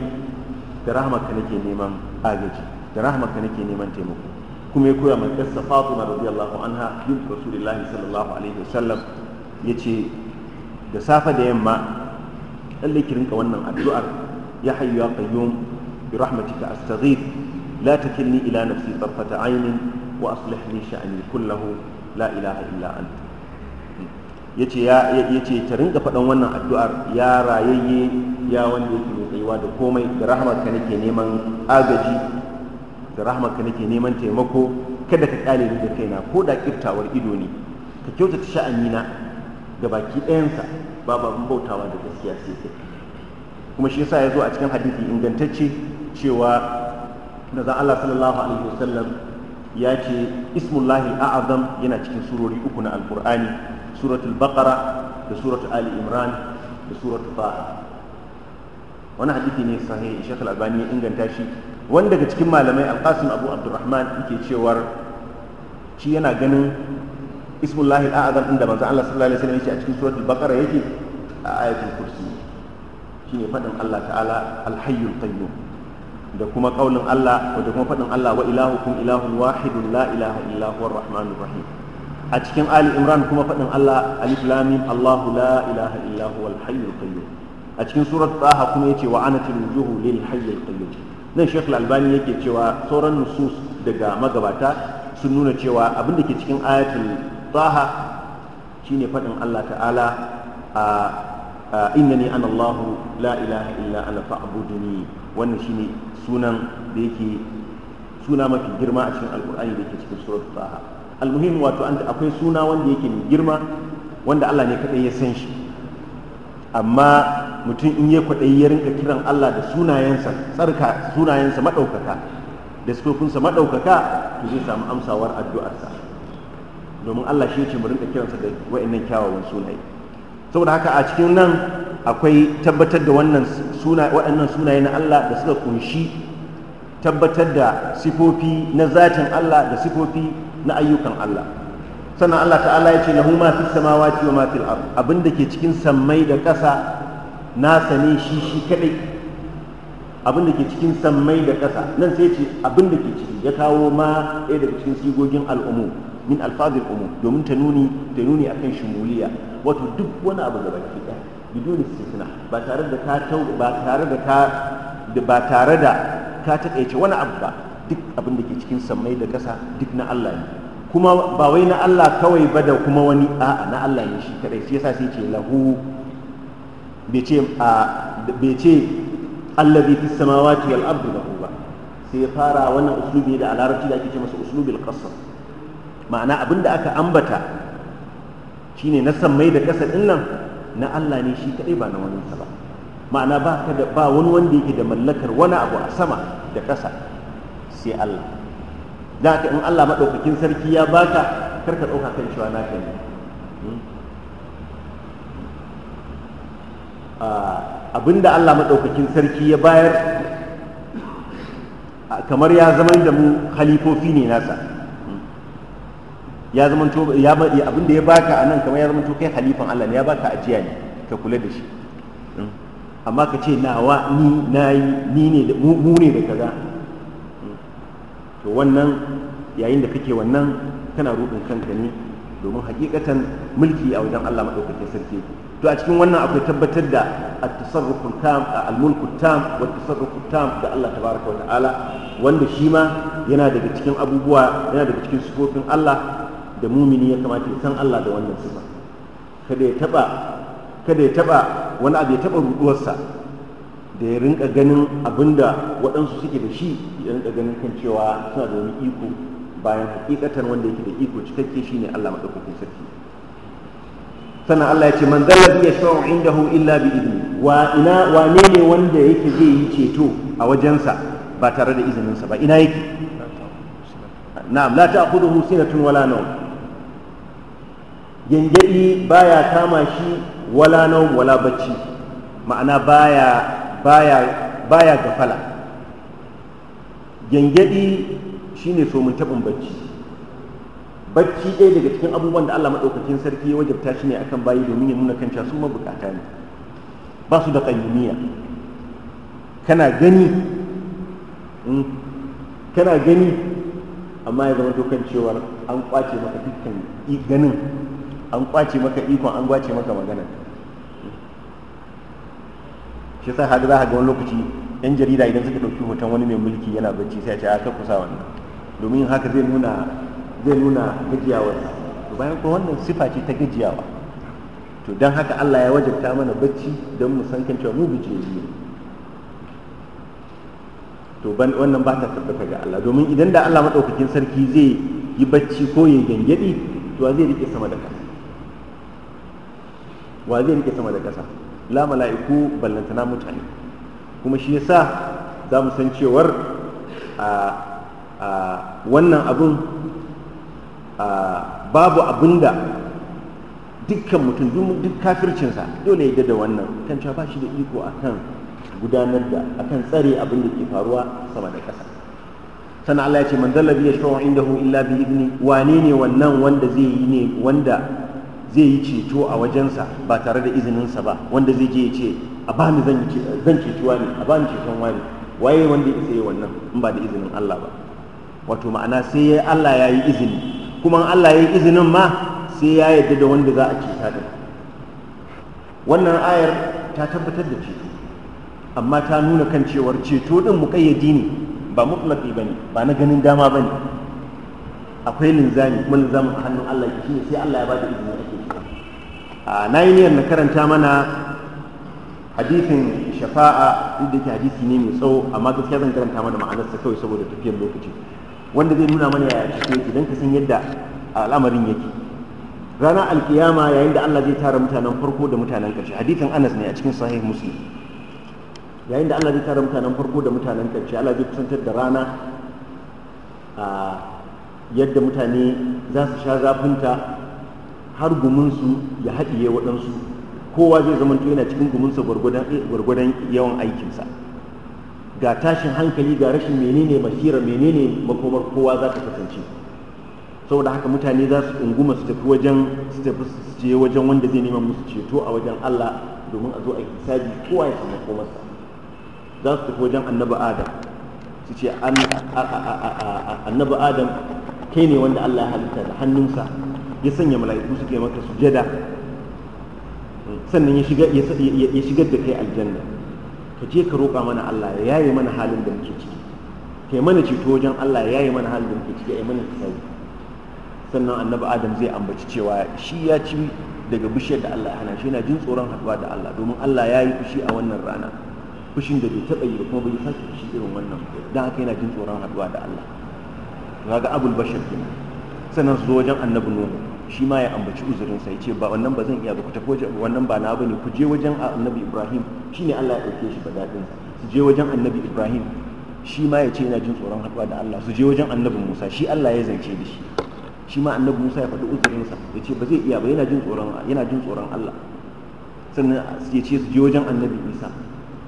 da rahmaka nake neman agaji da rahmaka nake neman taimako kuma ya koya mai kassa fatima radiyallahu anha bin rasulullahi sallallahu alaihi wasallam ya ce da safe da yamma lallai ki rinka wannan addu'ar ya hayyu ya qayyum bi rahmatika astaghith la takilni ila nafsi tarfata aynin wa aslih li sha'ni kullahu la ilaha illa anta ya ce ta rinka faɗan wannan addu'ar ya rayayye ya wanda yake mai tsayuwa da komai da rahmarka nake neman agaji da rahmarka nake neman taimako kada ka kyale ni da kaina ko da kiftawar ido ne ka kyautata sha'anina ga baki ɗayansa ba ba bautawa da gaskiya sai kai kuma shi yasa ya zo a cikin hadisi ingantacce cewa za Allah sallallahu alaihi wasallam ya ce ismullahi a'azam yana cikin surori uku na alqur'ani suratul baqara da suratul ali imran da suratul fa'a wani hadisi ne sahih shekul albani inganta shi wani daga cikin malamai alqasim abu abdurrahman yake cewar shi yana ganin ismullahi al'azam inda manzo Allah sallallahu alaihi wasallam yake a cikin suratul baqara yake a ayatul kursi shi ne fadin Allah ta'ala alhayyul qayyum da kuma kaulin Allah da kuma fadin Allah wa ilahukum ilahun wahidun la ilaha illa huwa rahmanur rahim a cikin ali imran kuma faɗin allah alif lamim allahu la ilaha illa huwal hayyul qayyum a cikin surat taha kuma yace wa anatil wujuhu lil hayyul qayyum nan al albani yake cewa sauran nusus daga magabata sun nuna cewa abin da ke cikin ayatul taha shine faɗin allah ta'ala a innani ana allahu la ilaha illa ana fa'buduni wannan shine sunan da yake suna mafi girma a cikin alkur'ani da ke cikin surat taha almuhim wato akwai suna wanda yake mai girma wanda Allah ne kaɗai ya san shi amma mutum in ya kwaɗayi ya rinka kiran Allah da sunayensa tsarka sunayensa maɗaukaka da sifofinsa maɗaukaka to zai samu amsawar addu'arsa domin Allah shi ce mu rinka kiransa da wa'annan kyawawan sunaye saboda haka a cikin nan akwai tabbatar da wannan suna waɗannan sunaye na Allah da suka kunshi tabbatar da sifofi na zatin Allah da sifofi na ayyukan Allah sannan Allah ta'ala ya ce lahu ma fis samawati wa ma fil ard abinda ke cikin sammai da ƙasa na sane shi shi kadai abinda ke cikin sammai da ƙasa nan sai ce abinda ke ciki ya kawo ma ɗaya daga cikin sigogin al'umu min alfazil umu domin ta nuni ta nuni akan shimuliya wato duk wani abu da baki ɗaya bidoni istisna ba tare da ka ba tare da ka ba tare da ka taƙaice wani abu ba duk abin da ke cikin sammai da ƙasa duk na Allah ne kuma ba wai na Allah kawai ba da kuma wani a'a na Allah ne shi kadai shi yasa sai ce lahu bai ce bai ce allazi fis samawati wal ardi lahu ba sai ya fara wannan uslubi da alarabci da ake ce masa uslubil qasr ma'ana da aka ambata shine na mai da kasa din nan na Allah ne shi kadai ba na wani ba ma'ana ba ka da ba wani wanda yake da mallakar wani abu a sama da kasa sai Allah da haka in Allah maɗaukakin sarki ya baka kar ka ɗauka kan cewa naka ne hmm? ah, abinda Allah maɗaukakin sarki ya bayar kamar ya zama da mu halifofi ne nasa hmm? ya zama to ya da ya baka a nan kamar ya zama to kai halifan Allah ne ya baka ajiya ne ka kula da shi hmm? amma ka ce nawa ni nayi ni ne mu ne da kaza to wannan yayin da kake wannan kana rubin kanka ne domin hakikatan mulki a wajen Allah madaukakin sarki to a cikin wannan akwai tabbatar da at-tasarruful tam al-mulku tam wa at tam da Allah tabaraka wa ta'ala wanda shi ma yana daga cikin abubuwa yana daga cikin sifofin Allah da mumini ya kamata ya san Allah da wannan sifa kada ya taba kada ya taba wani abu ya taba ruduwarsa da ya rinka ganin abin da waɗansu suke da shi ya rinka ganin kan cewa suna da wani iko bayan hakikatan wanda yake da iko cikakke shi ne Allah maɗaukakin sarki sannan Allah ya ce man zalla shawar inda hu illa bi idni wa ina wane ne wanda yake zai yi ceto a wajensa ba tare da izininsa ba ina yake na'am la ta'khudhuhu sinatun wala nawm gengedi baya kama shi wala nawm wala bacci ma'ana baya baya baya gafala gyangyaɗi shine somin taɓin bacci bacci ɗaya daga cikin abubuwan da Allah maɗaukakin sarki ya wajabta shi ne akan bayi domin ya nuna kan sun mabukata ne ba su da ƙayyumiya kana gani hmm, kana gani amma ya zama dokan cewar an kwace maka dukkan ganin an kwace maka ikon an kwace maka magana shi sa haka za ka ga wani lokaci yan jarida idan suka ɗauki hoton wani mai mulki yana bacci sai a ce a kan kusa wannan domin haka zai nuna zai nuna gajiyawar to bayan ko wannan sifa ce ta gajiyawa to don haka Allah ya wajabta mana bacci don mu san kan cewa mu gajiyayyu ne to wannan ba ta tabbata ga Allah domin idan da Allah maɗaukakin sarki zai yi bacci ko ya gyangyaɗi to zai rike sama da wa zai rike sama da ƙasa la mala'iku ballantana mutane kuma shi yasa za mu san cewar wannan abin babu abin da dukkan mutum duk kafircinsa dole ya da wannan kan cewa ba shi da iko akan gudanar da akan tsare abin da ke faruwa sama da ƙasa sannan Allah ya ce man zallabi ya shawo indahu illa bi idni wane ne wannan wanda zai yi ne wanda zai yi ceto a wajensa ba tare da izininsa ba wanda zai je ya ce a ba ni zan cetuwa ne a ba ni ceton wani waye wanda ya yi wannan in ba da izinin Allah ba wato ma'ana sai ya Allah ya yi izini kuma Allah ya yi izinin ma sai ya yarda da wanda za a ceta da wannan ayar ta tabbatar da ceto amma ta nuna kan cewar ceto din muƙayyadi ne ba ba ne ba na ganin dama ba ne akwai linzami kuma linzamin a hannun Allah shi ne sai Allah ya ba da izini na yi niyyar na karanta mana hadisin shafa'a duk da ke hadisi ne mai tsawo amma gaskiya zan karanta mana ma'anarsa kawai saboda tafiyar lokaci wanda zai nuna mana yaya cikin yake don ka san yadda al'amarin yake ranar alkiyama yayin da Allah zai tara mutanen farko da mutanen ƙarshe hadisin Anas ne a cikin sahih muslim yayin da Allah zai tara mutanen farko da mutanen ƙarshe Allah zai kusantar da rana a yadda mutane za su sha zafinta har guminsu ya haɗiye waɗansu kowa zai zama yana cikin guminsa eh, gwargwadon yawan aikinsa ga tashin hankali ga rashin menene mashira menene makomar kowa za ta kasance saboda haka mutane za su unguma su tafi wajen su tafi su je wajen wanda zai neman musu ceto a wajen Allah domin a zo a hisabi kowa ya samu komarsa za su tafi wajen annabi Adam su ce annabi Adam kai ne wanda Allah ya halitta da hannunsa ya sanya mala'iku suke maka sujada sannan ya shigar da kai aljanna ka je ka roƙa mana Allah ya yi mana halin da muke ciki kai mana ceto wajen Allah ya yi mana halin da muke ciki a mana tsari sannan annabi Adam zai ambaci cewa shi ya ci daga bishiyar da Allah ya hana shi yana jin tsoron haɗuwa da Allah domin Allah ya yi fushi a wannan rana fushin da bai taɓa yi ba kuma bai sake fushi irin wannan don haka yana jin tsoron haɗuwa da Allah kaga abul bashar kenan sannan su zo wajen annabi nuhu shi ma ya ambaci uzurin sa yace ba wannan ba zan iya ba ku tafi wajen wannan ba na bane ku je wajen annabi ibrahim shine Allah ya dauke shi ba dadin su je wajen annabi ibrahim shi ma ya ce yana jin tsoron haɗuwa da Allah su je wajen annabi Musa shi Allah ya zance da shi shi ma annabi Musa ya faɗi sa ya ce ba zai iya ba yana jin tsoron yana jin tsoron Allah sannan su ce su je wajen annabi Isa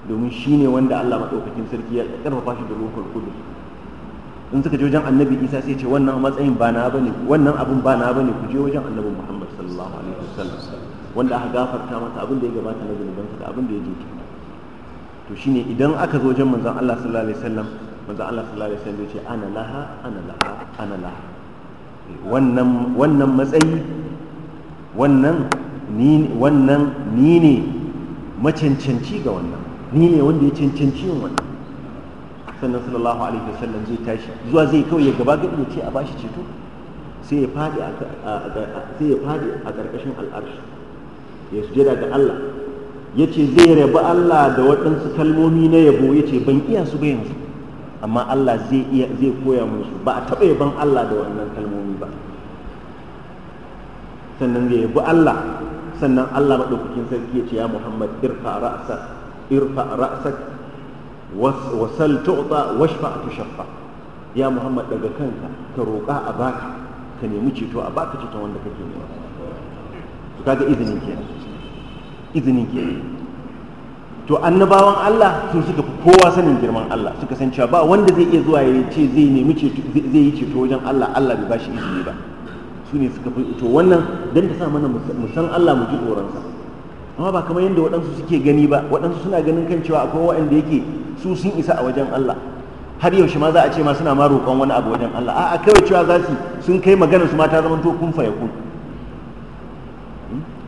domin shi ne wanda Allah maɗaukakin sarki ya ƙarfafa shi da ruhul qudus in suka je wajen annabi isa sai ce wannan matsayin ba na bane wannan abin ba na bane ku je wajen annabi muhammad sallallahu alaihi wasallam wanda aka gafarta masa abin da ya gabata na zunubansa da abin da ya jinki to shine idan aka zo wajen manzon Allah sallallahu alaihi wasallam manzon Allah sallallahu alaihi wasallam ya ce ana laha ana laha ana laha wannan wannan matsayi wannan ni wannan ni ne macancanci ga wannan ni ne wanda ya cancanci yin wannan sannan sallallahu alaihi wasallam zai tashi zuwa zai kawai ya gaba gaba ce a bashi ceto sai ya fadi a ƙarƙashin al'arshi ya su sujada ga Allah ya ce zai rabu Allah da waɗansu kalmomi na yabo ya ce ban iya su ba yanzu amma Allah zai iya zai koya musu ba a taɓa yaban Allah da wannan kalmomi ba sannan zai yabi Allah sannan Allah maɗaukakin sarki ya ce ya Muhammad irfa ra'sak irfa ra'sak wasal tu'ta washfa tushaffa ya muhammad daga kanka ka roƙa a baka ka nemi ceto a baka ceto wanda kake nema to kaga izinin ke izinin kenan to annabawan Allah sun suka fi kowa sanin girman Allah suka san cewa ba wanda zai iya zuwa ya ce zai nemi ceto zai yi ceto wajen Allah Allah bai bashi izini ba su ne suka fi to wannan dan ta sa mana mu san Allah mu ji tsoron sa amma ba kamar yadda waɗansu suke gani ba waɗansu suna ganin kan cewa akwai waɗanda yake su sun isa a wajen Allah har yaushe ma za a ce ma suna ma roƙon wani abu wajen Allah a'a kawai cewa za su sun kai magana su ma ta zama to kun a hmm?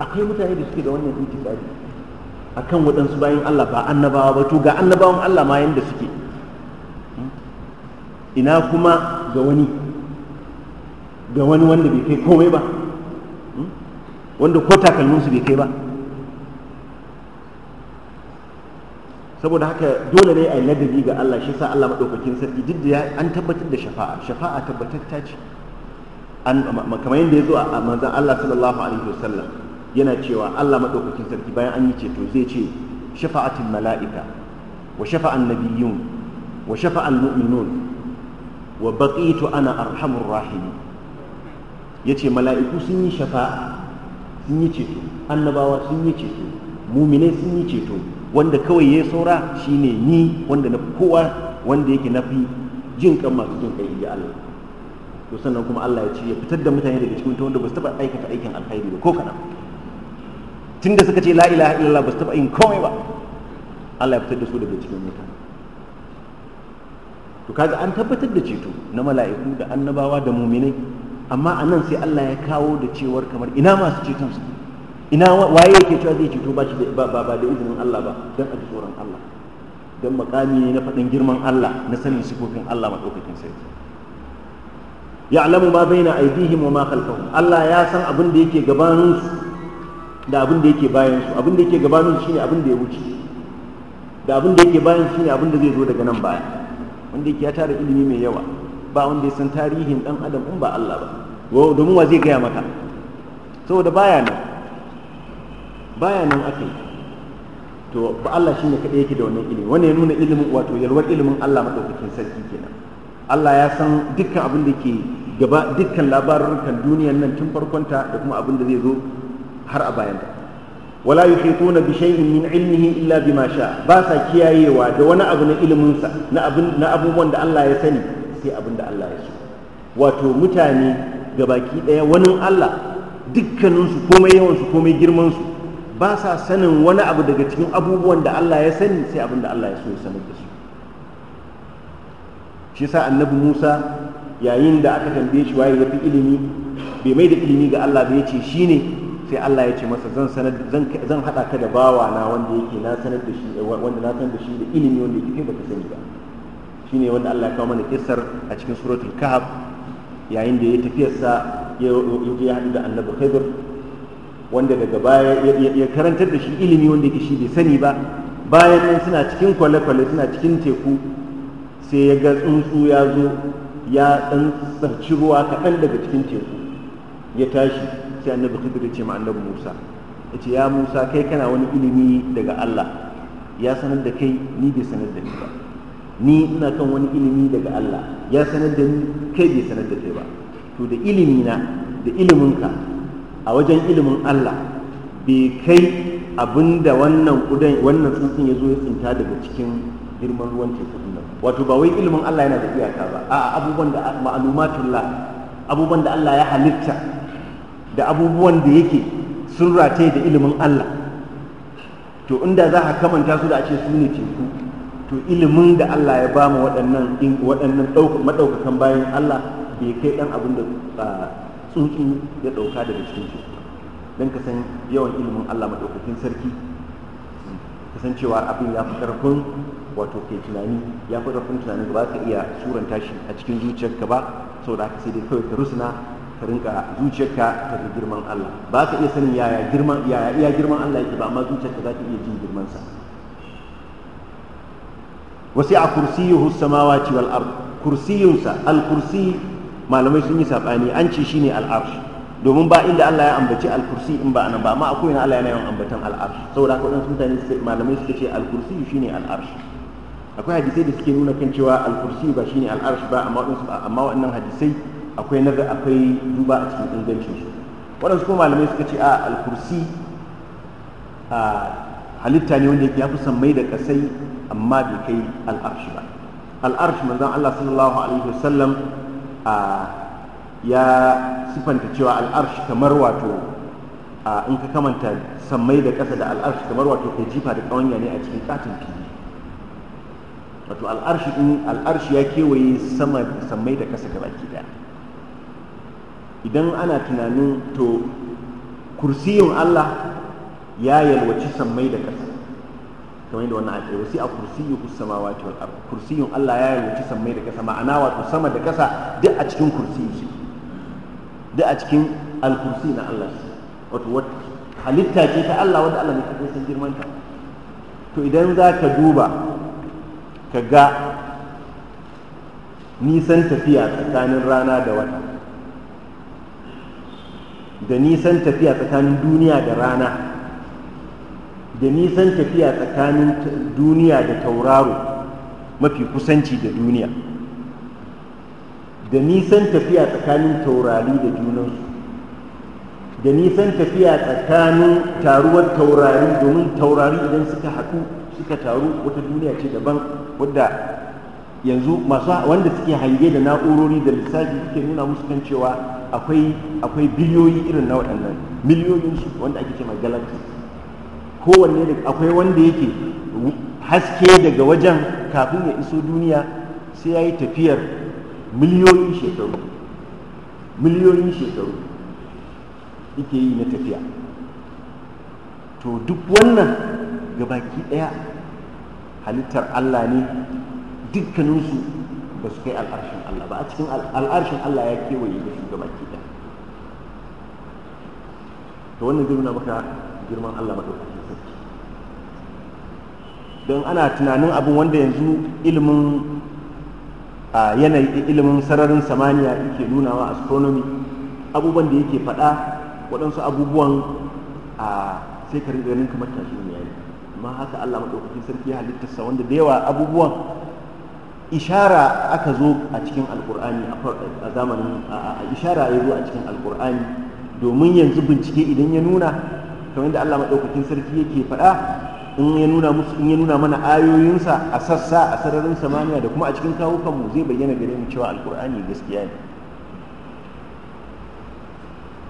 akwai mutane da suke da wannan a akan waɗansu bayan Allah ba annabawa ba to ga annabawan Allah ma yanda suke hmm? ina kuma ga wani ga wani wanda bai kai komai ba hmm? wanda ko takalminsu bai kai ba saboda haka dole ne a yi ladabi ga Allah shi sa Allah maɗaukakin sarki duk da an tabbatar da shafa'a shafa'a tabbatar ta ce kamar yadda ya zo a manzan Allah sallallahu alaihi wasallam yana cewa Allah maɗaukakin sarki bayan an yi ceto zai ce shafa'atin mala'ika wa shafa'an nabiyyun wa shafa'an mu'minun wa baqitu ana arhamur rahimi yace mala'iku sun yi shafa'a sun yi ceto annabawa sun yi ceto mu'minai sun yi ceto wanda kawai ya saura shine ni wanda na kowa wanda yake na fi jin kan masu jin kai inji Allah to sannan kuma Allah ya ce ya fitar da mutane daga cikin ta wanda ba su taɓa aikata aikin alkhairi ba ko kaɗan tunda suka ce la ilaha illallah ba su taɓa yin komai ba Allah ya fitar da su daga cikin mutane to kaza an tabbatar da ceto na mala'iku da annabawa da muminai amma anan sai Allah ya kawo da cewar kamar ina masu ceton su ina waye yake cewa zai ceto ba ba da izinin Allah ba don a tsoron Allah don makami ne na faɗin girman Allah na sanin sifofin Allah madaukakin sarki ya'lamu ma baina aydihim wa ma khalfahum Allah ya san abin da yake gabanin su da abin da yake bayan su abin da yake gabanin su shine abin da ya wuce da abin da yake bayan shi shine abin da zai zo daga nan baya wanda yake ya tara ilimi mai yawa ba wanda ya san tarihin dan adam in ba Allah ba domin wa zai gaya maka saboda baya nan baya nan aka yi to ba Allah shine kaɗai yake da wannan ilimi wannan ya nuna ilimin wato yalwar ilimin Allah madaukakin sarki kenan Allah ya san dukkan abin da ke gaba dukkan labarurkan duniyar nan tun farkon ta da kuma abin da zai zo har a bayan ta. wala yuhituna bi shay'in min ilmihi illa bima sha ba sa kiyayewa da wani abu na ilimin sa na abin na abubuwan da Allah ya sani sai abin da Allah ya so wato mutane gabaki daya wani Allah dukkaninsu komai yawansu komai girmansu ba sa sanin wani abu daga cikin abubuwan da Allah ya sani sai abin da Allah ya so ya sanar da su shi sa annabi Musa yayin da aka tambaye shi waye yafi ilimi bai mai da ilimi ga Allah ba yace shine sai Allah ya ce masa zan sanar zan zan hada ka da bawa na wanda yake na sanar da shi wanda na sanar da shi da ilimi wanda yake kai baka sani ba shine wanda Allah ya kawo mana kissar a cikin suratul kahf yayin da ya tafiyarsa ya hadu da annabi Khidr wanda daga baya ya karantar da shi ilimi wanda ke shi bai sani ba bayan nan suna cikin kwale-kwale suna cikin teku sai ya ga tsuntsu ya zo ya ɗan tsarci ruwa kaɗan daga cikin teku ya tashi sai annabi khidir ce ma annabi musa ya ce ya musa kai kana wani ilimi daga allah ya sanar da kai ni bai sanar da ni ba ni ina kan wani ilimi daga allah ya sanar da ni kai bai sanar da kai ba to da ilimina da iliminka a wajen ilimin Allah bai kai abinda wannan kudin wannan tsuntsun ya zo ya tsinta daga cikin girman ruwan teku nan wato ba wai ilimin Allah yana da iyaka ba a abubuwan da abubuwan da Allah ya halitta da abubuwan da yake sun rataye da ilimin Allah to inda za ka kamanta su da a ce su ne teku to ilimin da Allah ya ba mu waɗannan waɗannan madaukakan bayan Allah bai kai ɗan abin da ah, tsuntsu ya ɗauka daga cikin su don ka san yawan ilimin Allah maɗaukakin sarki kasancewa abin ya fi ƙarfin wato ke tunani ya fi ƙarfin tunanin ba ka iya suranta shi a cikin zuciyarka ba saboda haka sai dai kawai ka rusuna ka rinka zuciyarka ta ga girman Allah ba ka iya sanin yaya girman yaya iya girman Allah yake ba amma zuciyarka za ta iya jin girman sa wasi'a kursiyuhu samawati wal ard kursiyunsa al kursi malamai sun yi saɓani an ce shine al'arsh domin ba inda Allah ya ambaci al-kursi in ba anan ba amma akwai na Allah yana yawan ambatan al saboda haka wadansu mutane malamai suka ce al-kursi shine al akwai hadisai da suke nuna kan cewa al-kursi ba shine ne arsh ba amma wadansu amma waɗannan hadisai akwai nazar akwai duba a cikin ingancin su waɗansu kuma malamai suka ce a al-kursi a halitta ne wanda yake ya fi san mai da kasai amma bai kai al-arsh ba al-arsh manzon Allah sallallahu alaihi wasallam ya sifanta cewa al'arshi kamar wato in ka kamanta sammai da ƙasa da al'arshi kamar wato kai jifa da ƙawanya ne a cikin katin fili wato al'arshi in al'arshi ya kewaye sama sammai da ƙasa gabaki daya idan ana tunanin to kursiyin Allah ya yalwaci sammai da ƙasa kamar yadda wannan ake wasi a kursiyu samawati wal ard kursiyun Allah ya yalwaci samai da kasa ma'ana wato sama da kasa duk a cikin kursiyu shi duk a cikin alkursi na Allah wato halitta ce ta Allah wanda Allah ne kadai san girman ta to idan za ka duba ka ga nisan tafiya tsakanin rana da wata da nisan tafiya tsakanin duniya da rana da nisan tafiya tsakanin duniya da tauraro mafi kusanci da duniya da nisan tafiya tsakanin taurari da junansu da nisan tafiya tsakanin taruwar taurari domin taurari idan suka haɗu suka taru wata duniya ce daban wadda yanzu masu wanda suke hange da na'urori da lissafi suke nuna musu kan cewa akwai biliyoyi irin na waɗannan miliyoyinsu wanda ake ce ma galaxy kowanne da akwai wanda yake haske daga wajen kafin ya iso duniya sai ya yi tafiyar miliyoyin shekaru miliyoyin shekaru yake yi na tafiya to duk wannan gabaki ɗaya halittar Allah ne dukkaninsu ba su kai al'arshin Allah ba a cikin al'arshin Allah ya kewaye da shi gabaki ɗaya to wannan girma nuna maka girman Allah maɗaukaki don ana tunanin abin wanda yanzu ilimin a yanayi ilimin sararin samaniya yake nunawa astronomy abubuwan da yake faɗa waɗansu abubuwan a sai ka riga ganin kamar tatsuniya ne amma haka Allah madaukaki sarki ya halittarsa wanda da yawa abubuwan ishara aka zo a cikin alqur'ani a zamanin ishara ya zo a cikin alkur'ani domin yanzu bincike idan ya nuna kamar yadda Allah maɗaukakin sarki yake faɗa in ya nuna mana ayoyinsa a sassa a sararin samaniya da kuma a cikin kawukanmu zai bayyana gare mu cewa alkur'ani gaskiya ne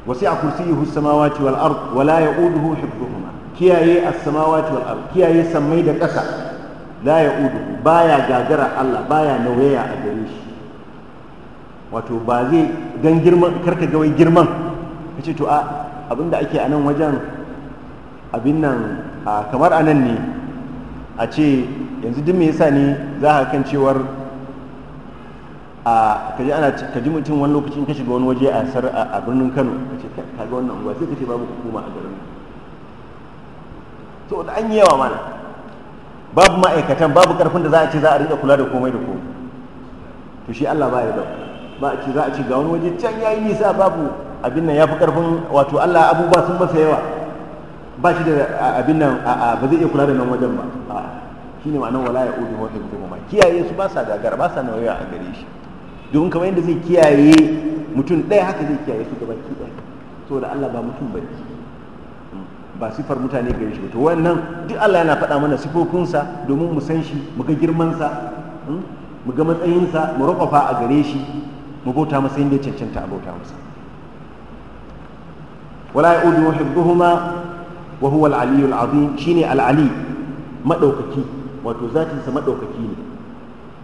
wasi a kursiyihu samawati wal ard wala yauduhu hibbuhuma kiyaye as-samawati wal ard kiyaye sammai da ƙasa la yauduhu baya gagara Allah baya nawaya a gare shi wato ba zai dan girman karka ga wai girman kace to a abinda ake a nan wajen abin nan a kamar anan ne a ce yanzu duk me yasa ne za a kan cewar a kaji ana ji mutum wani lokacin ka shiga wani waje a sar a birnin Kano ka ce ka ga wannan unguwa sai ka ce babu hukuma a garin to da an yi yawa mana babu ma'aikatan babu karfin da za a ce za a rinka kula da komai da komai to shi Allah ba ya da ba a ce za a ce ga wani waje can yayi nisa babu abin nan ya fi karfin wato Allah abubuwa sun masa yawa ba shi da abin nan ba zai iya kula da nan wajen ba shi ne ma'anar wala ya ubi wata mutum ma kiyaye su ba sa gagara ba sa nauyi a gare shi domin kamar yadda zai kiyaye mutum ɗaya haka zai kiyaye su gaba ki ɗaya saboda Allah ba mutum ba ba sifar mutane gare shi ba to wannan duk Allah yana faɗa mana sifofinsa domin mu san shi mu ga girmansa hmm, mu ga matsayinsa mu rufafa a gare shi mu bauta masa da cancanta a bauta masa wala ya udu hibduhuma wa huwa shine al-ali madaukaki wato ne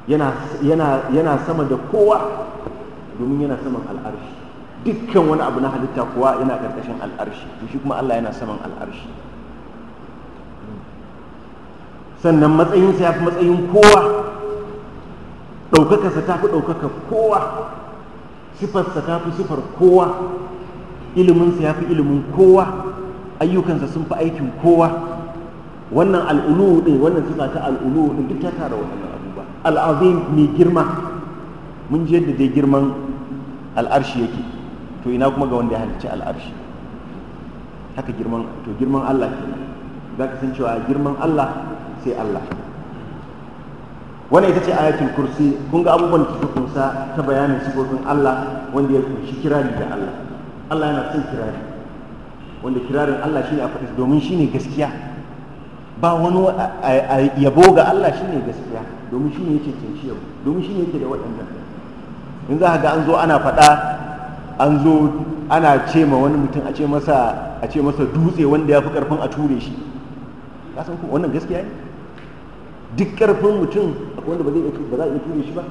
yana yana yana sama da kowa domin yana saman al'arshi dukkan wani abu na halitta kuwa yana karkashin al'arshi to kuma Allah yana saman al'arshi sannan matsayinsa ya fi matsayin kowa ɗaukakarsa ta fi ɗaukakar kowa sifarsa ta fi sifar kowa iliminsa ya fi ilimin kowa ayyukansa sun fi aikin kowa wannan al'ulu ɗin wannan sifa ta al'ulu ɗin duk ta tara waɗannan abubuwa al'azim mai girma mun ji yadda dai girman al'arshi yake to ina kuma ga wanda ya halicci al'arshi haka girman to girman Allah ke za ka san cewa girman Allah sai Allah wannan ita ce ayatul kursi kun ga abubuwan da suka kunsa ta bayanin sifofin Allah wanda ya kunshi kirari da Allah Allah yana son kirari wanda kirarin Allah shine a faɗin domin shine gaskiya ba wani yabo ga Allah shine gaskiya domin shine yake cinci yau domin shine yake da waɗanda in za ga an zo ana faɗa an zo ana ce ma wani mutum a ce masa a ce masa dutse wanda ya fi ƙarfin a ture shi ka san ko wannan gaskiya ne duk ƙarfin mutum akwai wanda ba ba za a iya ture shi ba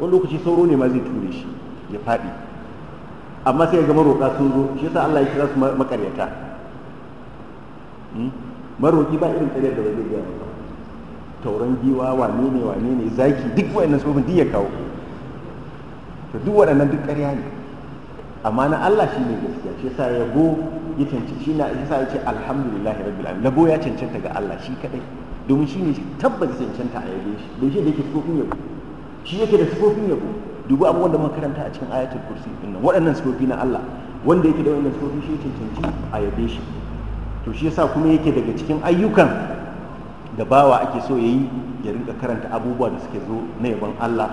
wani lokaci sauro ne ma zai ture shi ya faɗi amma sai ga maroƙa sun zo shi yasa Allah ya kira su makaryata hmm? maroƙi ba irin karyar da ba zai gaya ba tauran giwa wane ne wane ne zaki duk waɗannan tsofin duk ya kawo to duk waɗannan duk ƙarya ne amma na Allah shi ne gaskiya shi yasa yabo ya cancanci shi na yasa ya ce alhamdulillahi rabbil alamin labo ya cancanta ga Allah shi kadai domin shi ne tabbata cancanta a yabe shi don shi da yake sifofin yabo shi yake da sifofin yabo dubi abubuwan da muka karanta a cikin ayatul kursi din nan waɗannan sifofi na Allah wanda yake da wannan sifofi shi yake cancanci a yabe shi to shi yasa kuma yake daga cikin ayyukan da bawa ake so yayi ya rinka karanta abubuwa da suke zo na yabon Allah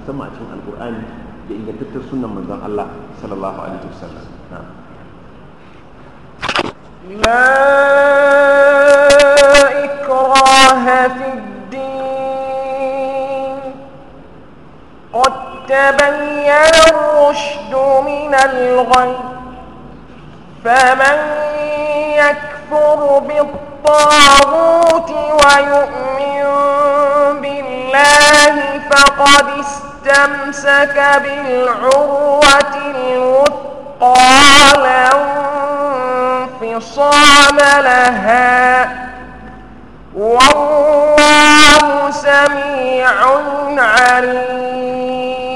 musamman a cikin alkur'ani da ingantattar sunnan manzon Allah sallallahu alaihi wasallam لا تبين الرشد من الغي فمن يكفر بالطاغوت ويؤمن بالله فقد استمسك بالعروة الوثقى لا انفصام لها والله سميع عليم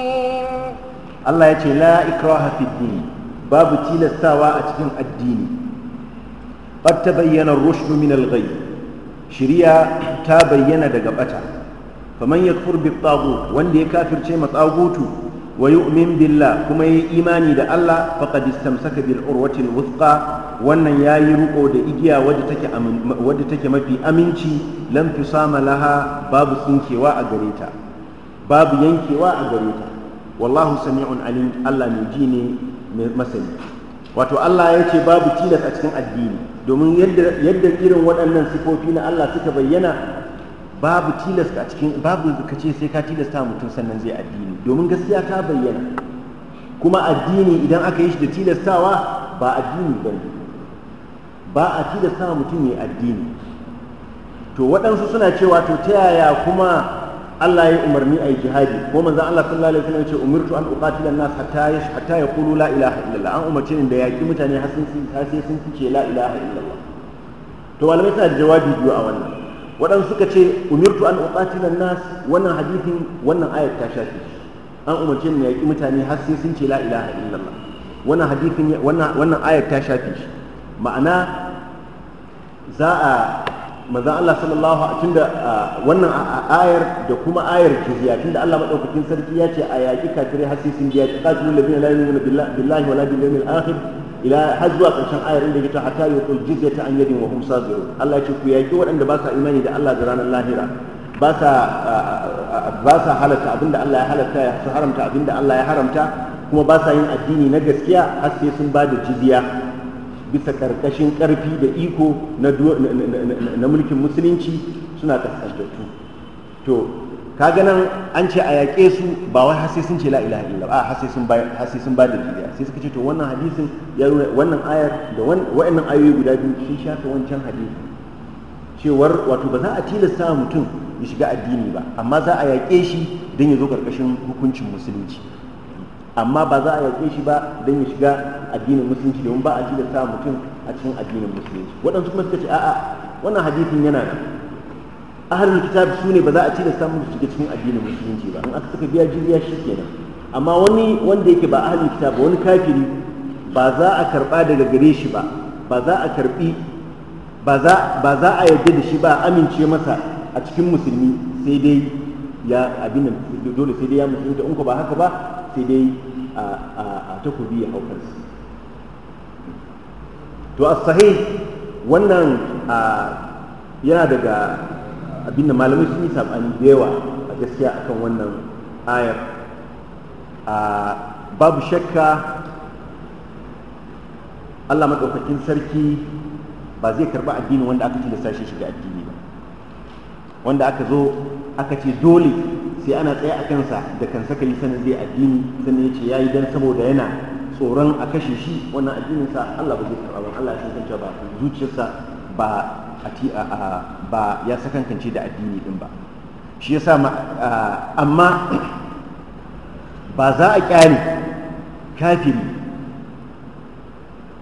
Allah ya ce la ikraha fi din babu tilastawa a cikin addini qad tabayyana ar-rushd min al-ghay ta bayyana daga bata faman yakfur bi taghut wanda ya kafirce ma tsagutu wa yu'min billah kuma yayi imani da Allah faqad istamsaka bil urwati al-wuthqa wannan yayi ruko da igiya wadda take wadda take mafi aminci lam tusama laha babu tsinkewa a gareta babu yankewa a gareta wallahu sami'un alim Allah mai ji ne masani wato Allah ya ce babu tilas a cikin addini domin yadda irin waɗannan sifofi na Allah suka bayyana babu tilas a cikin babu ka ce sai ka tilasta mutum sannan zai addini domin gaskiya ta bayyana kuma addini idan aka yi shi da tilastawa ba addini ba ne ba a tilasta mutum ya addini to waɗansu suna cewa to ta yaya kuma Allah ya umarni a yi jihadi ko manzon Allah sallallahu alaihi wasallam ya ce umirtu an uqatila nas hatta yash hatta yaqulu la ilaha illallah an umarce ni da yaki mutane har sun har sai sun ce la ilaha illallah to malamai suna da jawabi biyu a wannan waɗansu suka ce umirtu an uqatila nas wannan hadithin wannan ayat ta shafi an umarce ni da yaki mutane har sai sun ce la ilaha illallah wannan hadithin wannan wannan ayat ta shafi ma'ana za a manzon Allah sallallahu alaihi tunda wannan ayar da kuma ayar jizya tunda Allah madaukakin sarki ya ce a yaki kafirai har sai sun biya qatilul ladina la yu'minuna billahi wala bil yawmil akhir ila har zuwa karshen ayar inda yake hatta yuqul jizyata an yadin wa hum sabirun Allah ya ce ku yaki waɗanda ba sa imani da Allah da ranar lahira ba sa ba sa halatta abinda Allah ya halatta ya haramta abinda Allah ya haramta kuma ba sa yin addini na gaskiya har sai sun ba da jizya bisa ƙarƙashin ƙarfi da iko na mulkin musulunci suna kaskantattu to kaga nan an ce a yaƙe su ba wai hasi sun ce la'ila ilaha illa a har sun ba sun ba da jiriya sai suka ce to wannan hadisin ya wannan ayar da wa'annan ayoyi guda biyu sun shafe wancan hadisin cewar wato ba za a tilasta mutum ya shiga addini ba amma za a yaƙe shi don ya zo ƙarƙashin hukuncin musulunci amma ba za a yaƙe shi ba don ya shiga addinin musulunci domin ba a ci da sa mutum a cikin addinin musulunci waɗansu kuma suka ce a'a wannan hadisin yana nan ahalin kitab su ne ba za a ci da sa mutum shiga cikin addinin musulunci ba in aka saka biya jiriya shi kenan amma wani wanda yake ba ahalin kitab ba wani kafiri ba za a karɓa daga gare shi ba ba za a karɓi ba za a yarda da shi ba amince masa a cikin musulmi sai dai ya abin dole sai dai ya musulunta in ko ba haka ba sai dai a takobi ya hau kansu to a sahih wannan yana daga abinda malamai sun yi sabani da yawa a gaskiya akan wannan ayar babu shakka Allah maɗaukakin sarki ba zai karɓa addini wanda aka tilasta shi shiga addini ba wanda aka zo aka ce dole sai ana tsaye a kansa da kan saka yi sanin zai addini sannan ya ce ya yi don saboda yana tsoron a kashe shi wannan addininsa Allah ba zai karɓa ba Allah ya san kanta ba zuciyarsa ba ba ya sakankance da addini din ba shi yasa amma ba za a kyale kafiri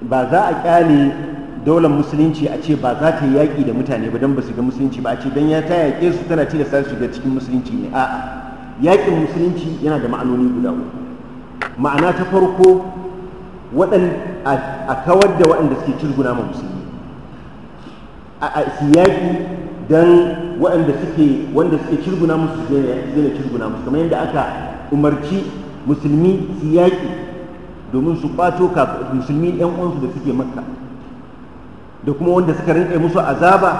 ba za a kyale daular musulunci a ce ba za ta yi yaƙi da mutane ba don ba su ga musulunci ba a ce don ya ta yaƙe su tana da su shiga cikin musulunci ne a'a yaƙin musulunci yana da ma'anoni guda uku ma'ana ta farko a kawar da waɗanda suke cizguna ma musulmi a yaƙi don waɗanda suke wanda suke cizguna musu zai cizguna musu kamar yadda aka umarci musulmi su yaƙi domin su ƙwato musulmi 'yan uwansu da suke makka da kuma wanda suka rinka musu azaba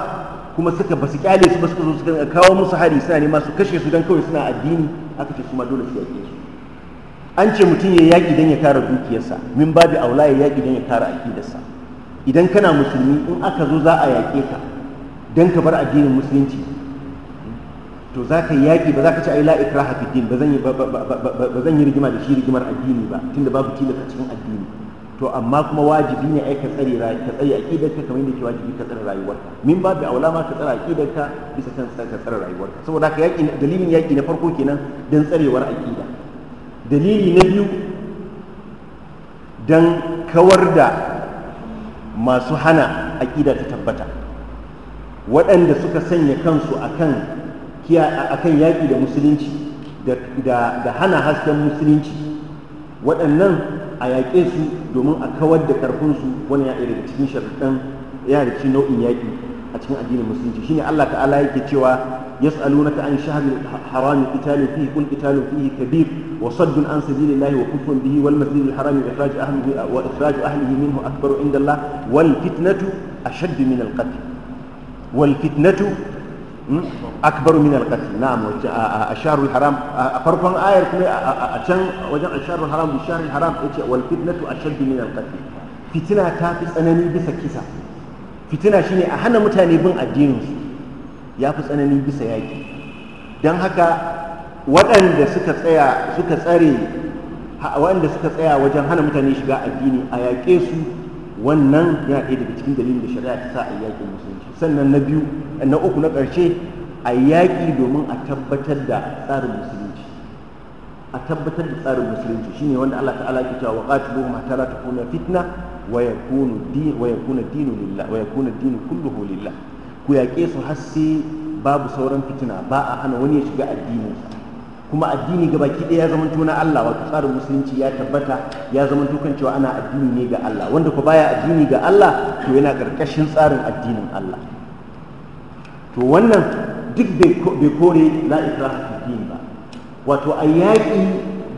kuma suka ba su kyale su ba suka zo suka kawo musu hari suna nema su kashe su don kawai suna addini aka ce su ma dole su yake su an ce mutum ya yaƙi don ya kare dukiyarsa min babu aula ya yaƙi don ya kare aƙidarsa idan kana musulmi in aka zo za a yaƙe ka don ka bar addinin musulunci to za ka yaƙi ba za ka ci ai la ikraha fi din ba zan yi rigima da shi rigimar addini ba tunda babu tilaka cikin addini to amma kuma wajibi ne ai ka tsare ka tsare aqidarka kamar yadda ke wajibi ka tsare rayuwarka min babu aula ma ka tsare aqidarka bisa kan ka tsare rayuwarka saboda haka yaki dalilin yaki na farko kenan dan tsarewar aqida dalili na biyu dan kawar da masu hana aqida ta tabbata waɗanda suka sanya kansu akan akan yaki da musulunci da hana hasken musulunci waɗannan a yaƙe su domin a kawar da ƙarfinsu wani ya daga cikin sharaɗin ya da cikin nau'in yaƙi a cikin addinin musulunci shine Allah ta'ala yake cewa yas'alunaka an shahril harami qitalun fihi qul qitalun fihi kabir wa saddun an sabilillahi wa kufrun bihi wal masjidil harami ikhraj ahlihi wa ikhraj ahlihi minhu akbaru inda Allah wal fitnatu ashaddu min al qatl wal fitnatu Hmm? akbaru min alqatl na'am asharul haram a farkon ayar kuma a can wajen asharul haram bi sharil haram yace wal fitnatu ashaddu min alqatl Fitna ta fi tsanani bisa kisa fitina shine a hana mutane bin addinin su ya fi tsanani bisa yaki don haka waɗanda suka tsaya suka tsare waɗanda suka tsaya wajen hana mutane shiga addini a yaƙe su wannan yana ɗaya daga cikin dalilin da shari'a ta sa a yaƙe musu sannan na biyu na uku na ƙarshe a yaƙi domin a tabbatar da tsarin musulunci a tabbatar da tsarin musulunci shine wanda Allah ta'ala ke cewa waqatiluhum hatta la takuna fitna wa yakunu din wa yakuna dinu lillah wa yakuna dinu kulluhu lillah ku yaƙe su har sai babu sauran fitina ba a hana wani ya shiga addinin sa kuma addini ga baki ɗaya ya zama na Allah wato tsarin musulunci ya tabbata ya zamanto kan cewa ana addini ne ga Allah wanda ko baya addini ga Allah to yana ƙarƙashin tsarin addinin Allah to wannan duk bai kore la ikraha fi din ba wato a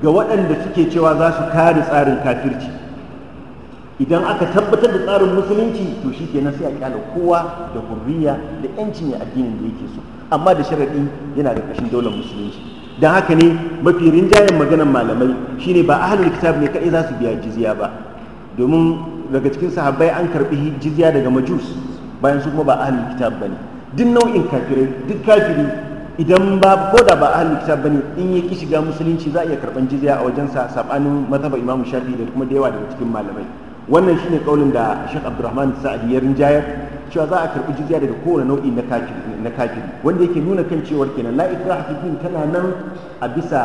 ga waɗanda suke cewa za su kare tsarin kafirci idan aka tabbatar da tsarin musulunci to shi ke sai a kyala kowa da hurriya da 'yancin addinin da yake so amma da sharadi yana da ƙashin daular musulunci don haka ne mafi rinjayen maganan malamai shine ba ahlul kitab ne kaɗai za su biya jizya ba domin daga cikin sahabbai an karɓi jizya daga majus bayan su kuma ba ahlul kitab bane duk nau'in kafirai duk kafiri idan ba ko da ba ahlul kitab bane in ya ki shiga musulunci za a iya karɓan jizya a wajensa sabanin mazhab imamu shafi da kuma da yawa daga cikin malamai wannan shine kaulin da Sheikh Abdulrahman Sa'adi ya rinjayar cewa za a karɓi jizya daga kowane nau'i na kafiri wanda yake nuna kan cewar kenan la ikraha fi din tana nan a bisa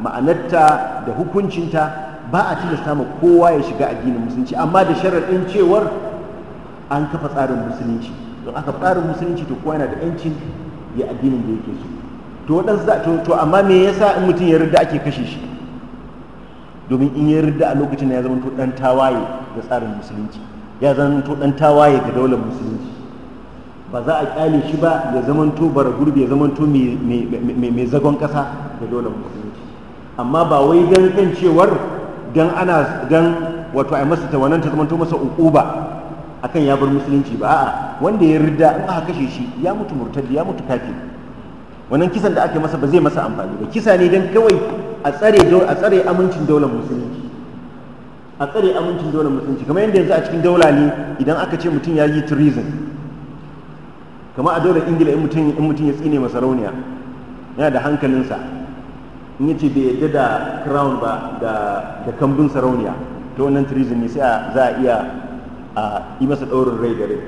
ma'anarta da hukuncinta ba a tilasta ma kowa ya shiga addinin musulunci amma da sharaɗin cewar an kafa tsarin musulunci don aka tsarin musulunci to kowa yana da yancin ya addinin da yake so to waɗansu to amma me yasa in mutum ya rida ake kashe shi domin in ya rida a lokacin da ya zama to ɗan tawaye da tsarin musulunci ya zanto dan tawaye ga daular musulunci ba za a kyale shi ba ya zamanto bara gurbi ya zamanto mai zagon kasa ga daular musulunci amma ba wai dan kan cewar dan ana dan wato ai masa tawanan ta zamanto masa uku ba akan ya bar musulunci ba a'a wanda ya rida in aka kashe shi ya mutu murtadi ya mutu kafiri wannan kisan da ake masa ba zai masa amfani ba kisa ne dan kawai a tsare a tsare amincin daular musulunci a tsare amincin dole musulunci kamar yadda yanzu a cikin daula ne idan aka ce mutum ya yi treason kamar a daular ingila in mutum ya tsine masarauniya yana da hankalinsa in yace bai yadda da crown ba da kambun sarauniya ta wannan treason ne sai za a iya a yi masa ɗaurin rai da rai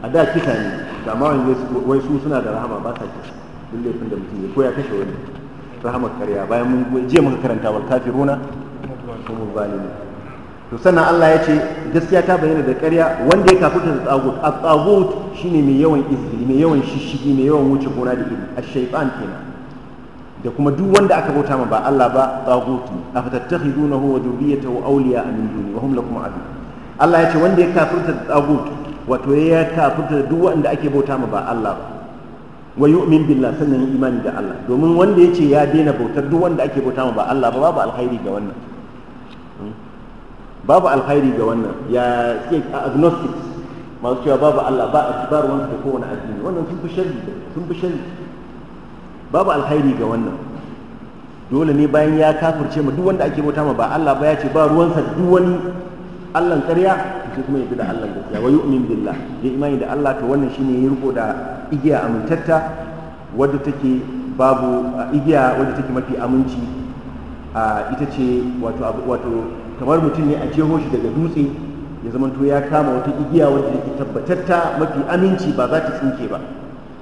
a da kisa ne da ma wai su suna da rahama ba sa laifin da mutum ya ko kashe wani rahama karya bayan mun je muka karanta wal kafiruna antum zalimi to sannan Allah ya ce gaskiya ta bayyana da ƙarya wanda ya kafirta da tsagut a tsagut shine mai yawan izini mai yawan shishigi mai yawan wuce gona da iri a shaifan kenan da kuma duk wanda aka bauta ma ba Allah ba tsagut ne a fatattakhidunahu wa dhurriyyatahu awliya min duni wa hum lakum adu Allah ya ce wanda ya kafirta da tsagut wato ya kafirta da duk wanda ake bauta ma ba Allah ba wa yu'min billah sannan imani da Allah domin wanda ya ce ya daina bautar duk wanda ake bauta ma ba Allah ba babu alkhairi ga wannan babu alkhairi ga wannan ya agnostic masu cewa babu Allah ba a kibar wani da kowane addini wannan sun fi sharri sun fi sharri babu alkhairi ga wannan dole ne bayan ya kafirce ma duk wanda ake bauta ma ba Allah ba ya ce ba ruwansa duk wani Allahn ƙarya shi kuma ya bi da Allahn gaskiya wa yu'min billah ya imani da Allah to wannan shine ya riko da igiya amintatta wadda take babu igiya wadda take mafi aminci ita ce wato kamar mutum ne a jeho shi daga dutse ya zama to ya kama wata igiya wanda yake tabbatatta mafi aminci ba za ta tsinke ba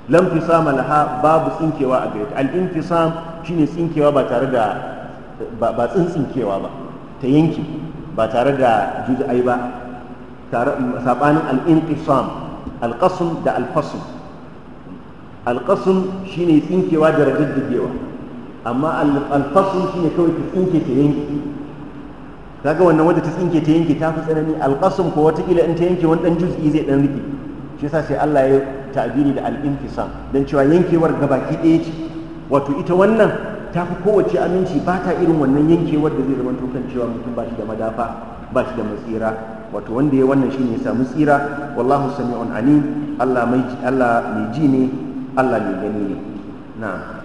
lam fisama laha babu tsinkewa a gare ta al infisam shine tsinkewa ba tare da ba tsintsinkewa ba ta yanki ba tare da juz'ai ba tare sabanin al infisam al qasm da al fasl al qasm shine tsinkewa da rajaddadewa amma alfasu shi ne kawai ta tsinke ta yanki kaga wannan wadda ta tsinke ta yanki ta fi tsanani alfasun ko watakila in ta yanke wani ɗan juz'i zai ɗan rike shi yasa sai Allah ya ta'abiri da al'imfisa don cewa yankewar gabaki ɗaya ce wato ita wannan ta fi kowace aminci ba ta irin wannan yankewar da zai zama tukan cewa mutum ba shi da madafa ba shi da matsira wato wanda ya wannan shi ne ya samu tsira wallahu sami'un alim Allah mai ji ne Allah mai gani ne na'am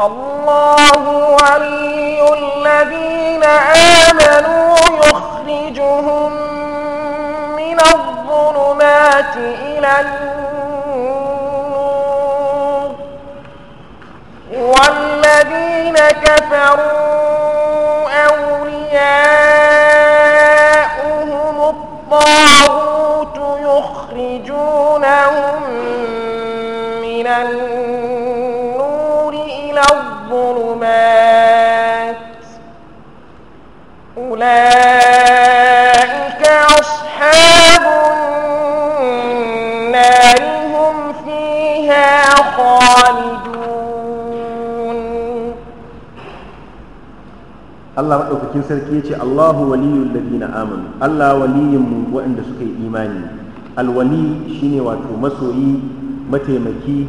الله ولي الذين آمنوا يخرجهم من الظلمات إلى النور والذين كفروا أولياؤهم الطاغوت أولئك أصحاب النار هم فيها خالدون الله مدوكتين سركي الله ولي الذين آمنوا الله ولي وعند سكي إيماني الولي شيني واتو مسوي متيمكي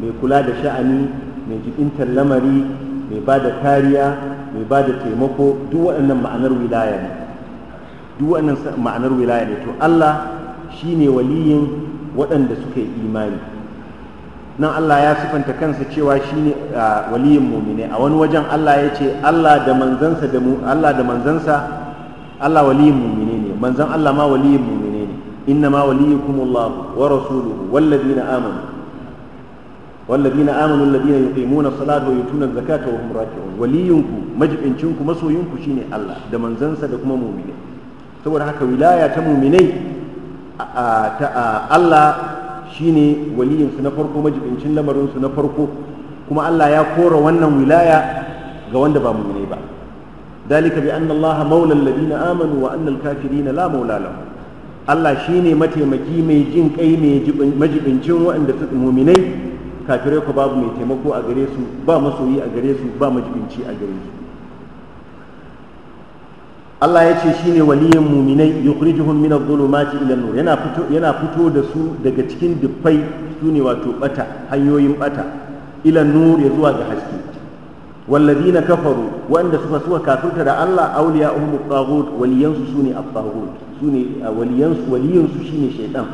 mai kula da sha'ani mai jikintar lamari mai ba da kariya mai ba da taimako duk waɗannan ma'anar wilaya ne duk waɗannan ma'anar wilaya ne to Allah shi ne waliyin waɗanda suka yi imani nan Allah ya sifanta kansa cewa shi ne waliyin mumine a wani wajen Allah ya ce Allah da manzansa da mu Allah da manzansa Allah waliyin mumine ne manzan Allah ma waliyin mumine ne inna ma waliyukumullahu wa rasuluhu wallazina amanu والذين آمنوا الذين يقيمون الصلاة ويؤتون الزكاة وهم راكعون ولينكو مجبنكم مسوينكو شيني الله ده منزنسا ده كما مؤمنين saboda haka wilaya ta muminai ta Allah shine waliyinsu na farko majibincin lamarinsu na farko kuma Allah ya kora wannan wilaya ga wanda ba muminai ba dalika bi anna Allah maula alladhina amanu wa anna al-kafirina la maula lahum Allah shine mataimaki mai jin kai mai majibincin waɗanda su muminai kafirai ku babu mai taimako a gare su ba masoyi a gare su ba majibinci a gare su Allah ya ce shine waliyin muminai ya kuri jihun mina yana fito yana fito da su daga cikin dufai su ne wato bata hanyoyin bata ilan nur ya zuwa ga haske na kafaru wanda suka suka kafirta da Allah auliya umu taghut waliyansu sune at su ne waliyansu waliyansu ne shaidan,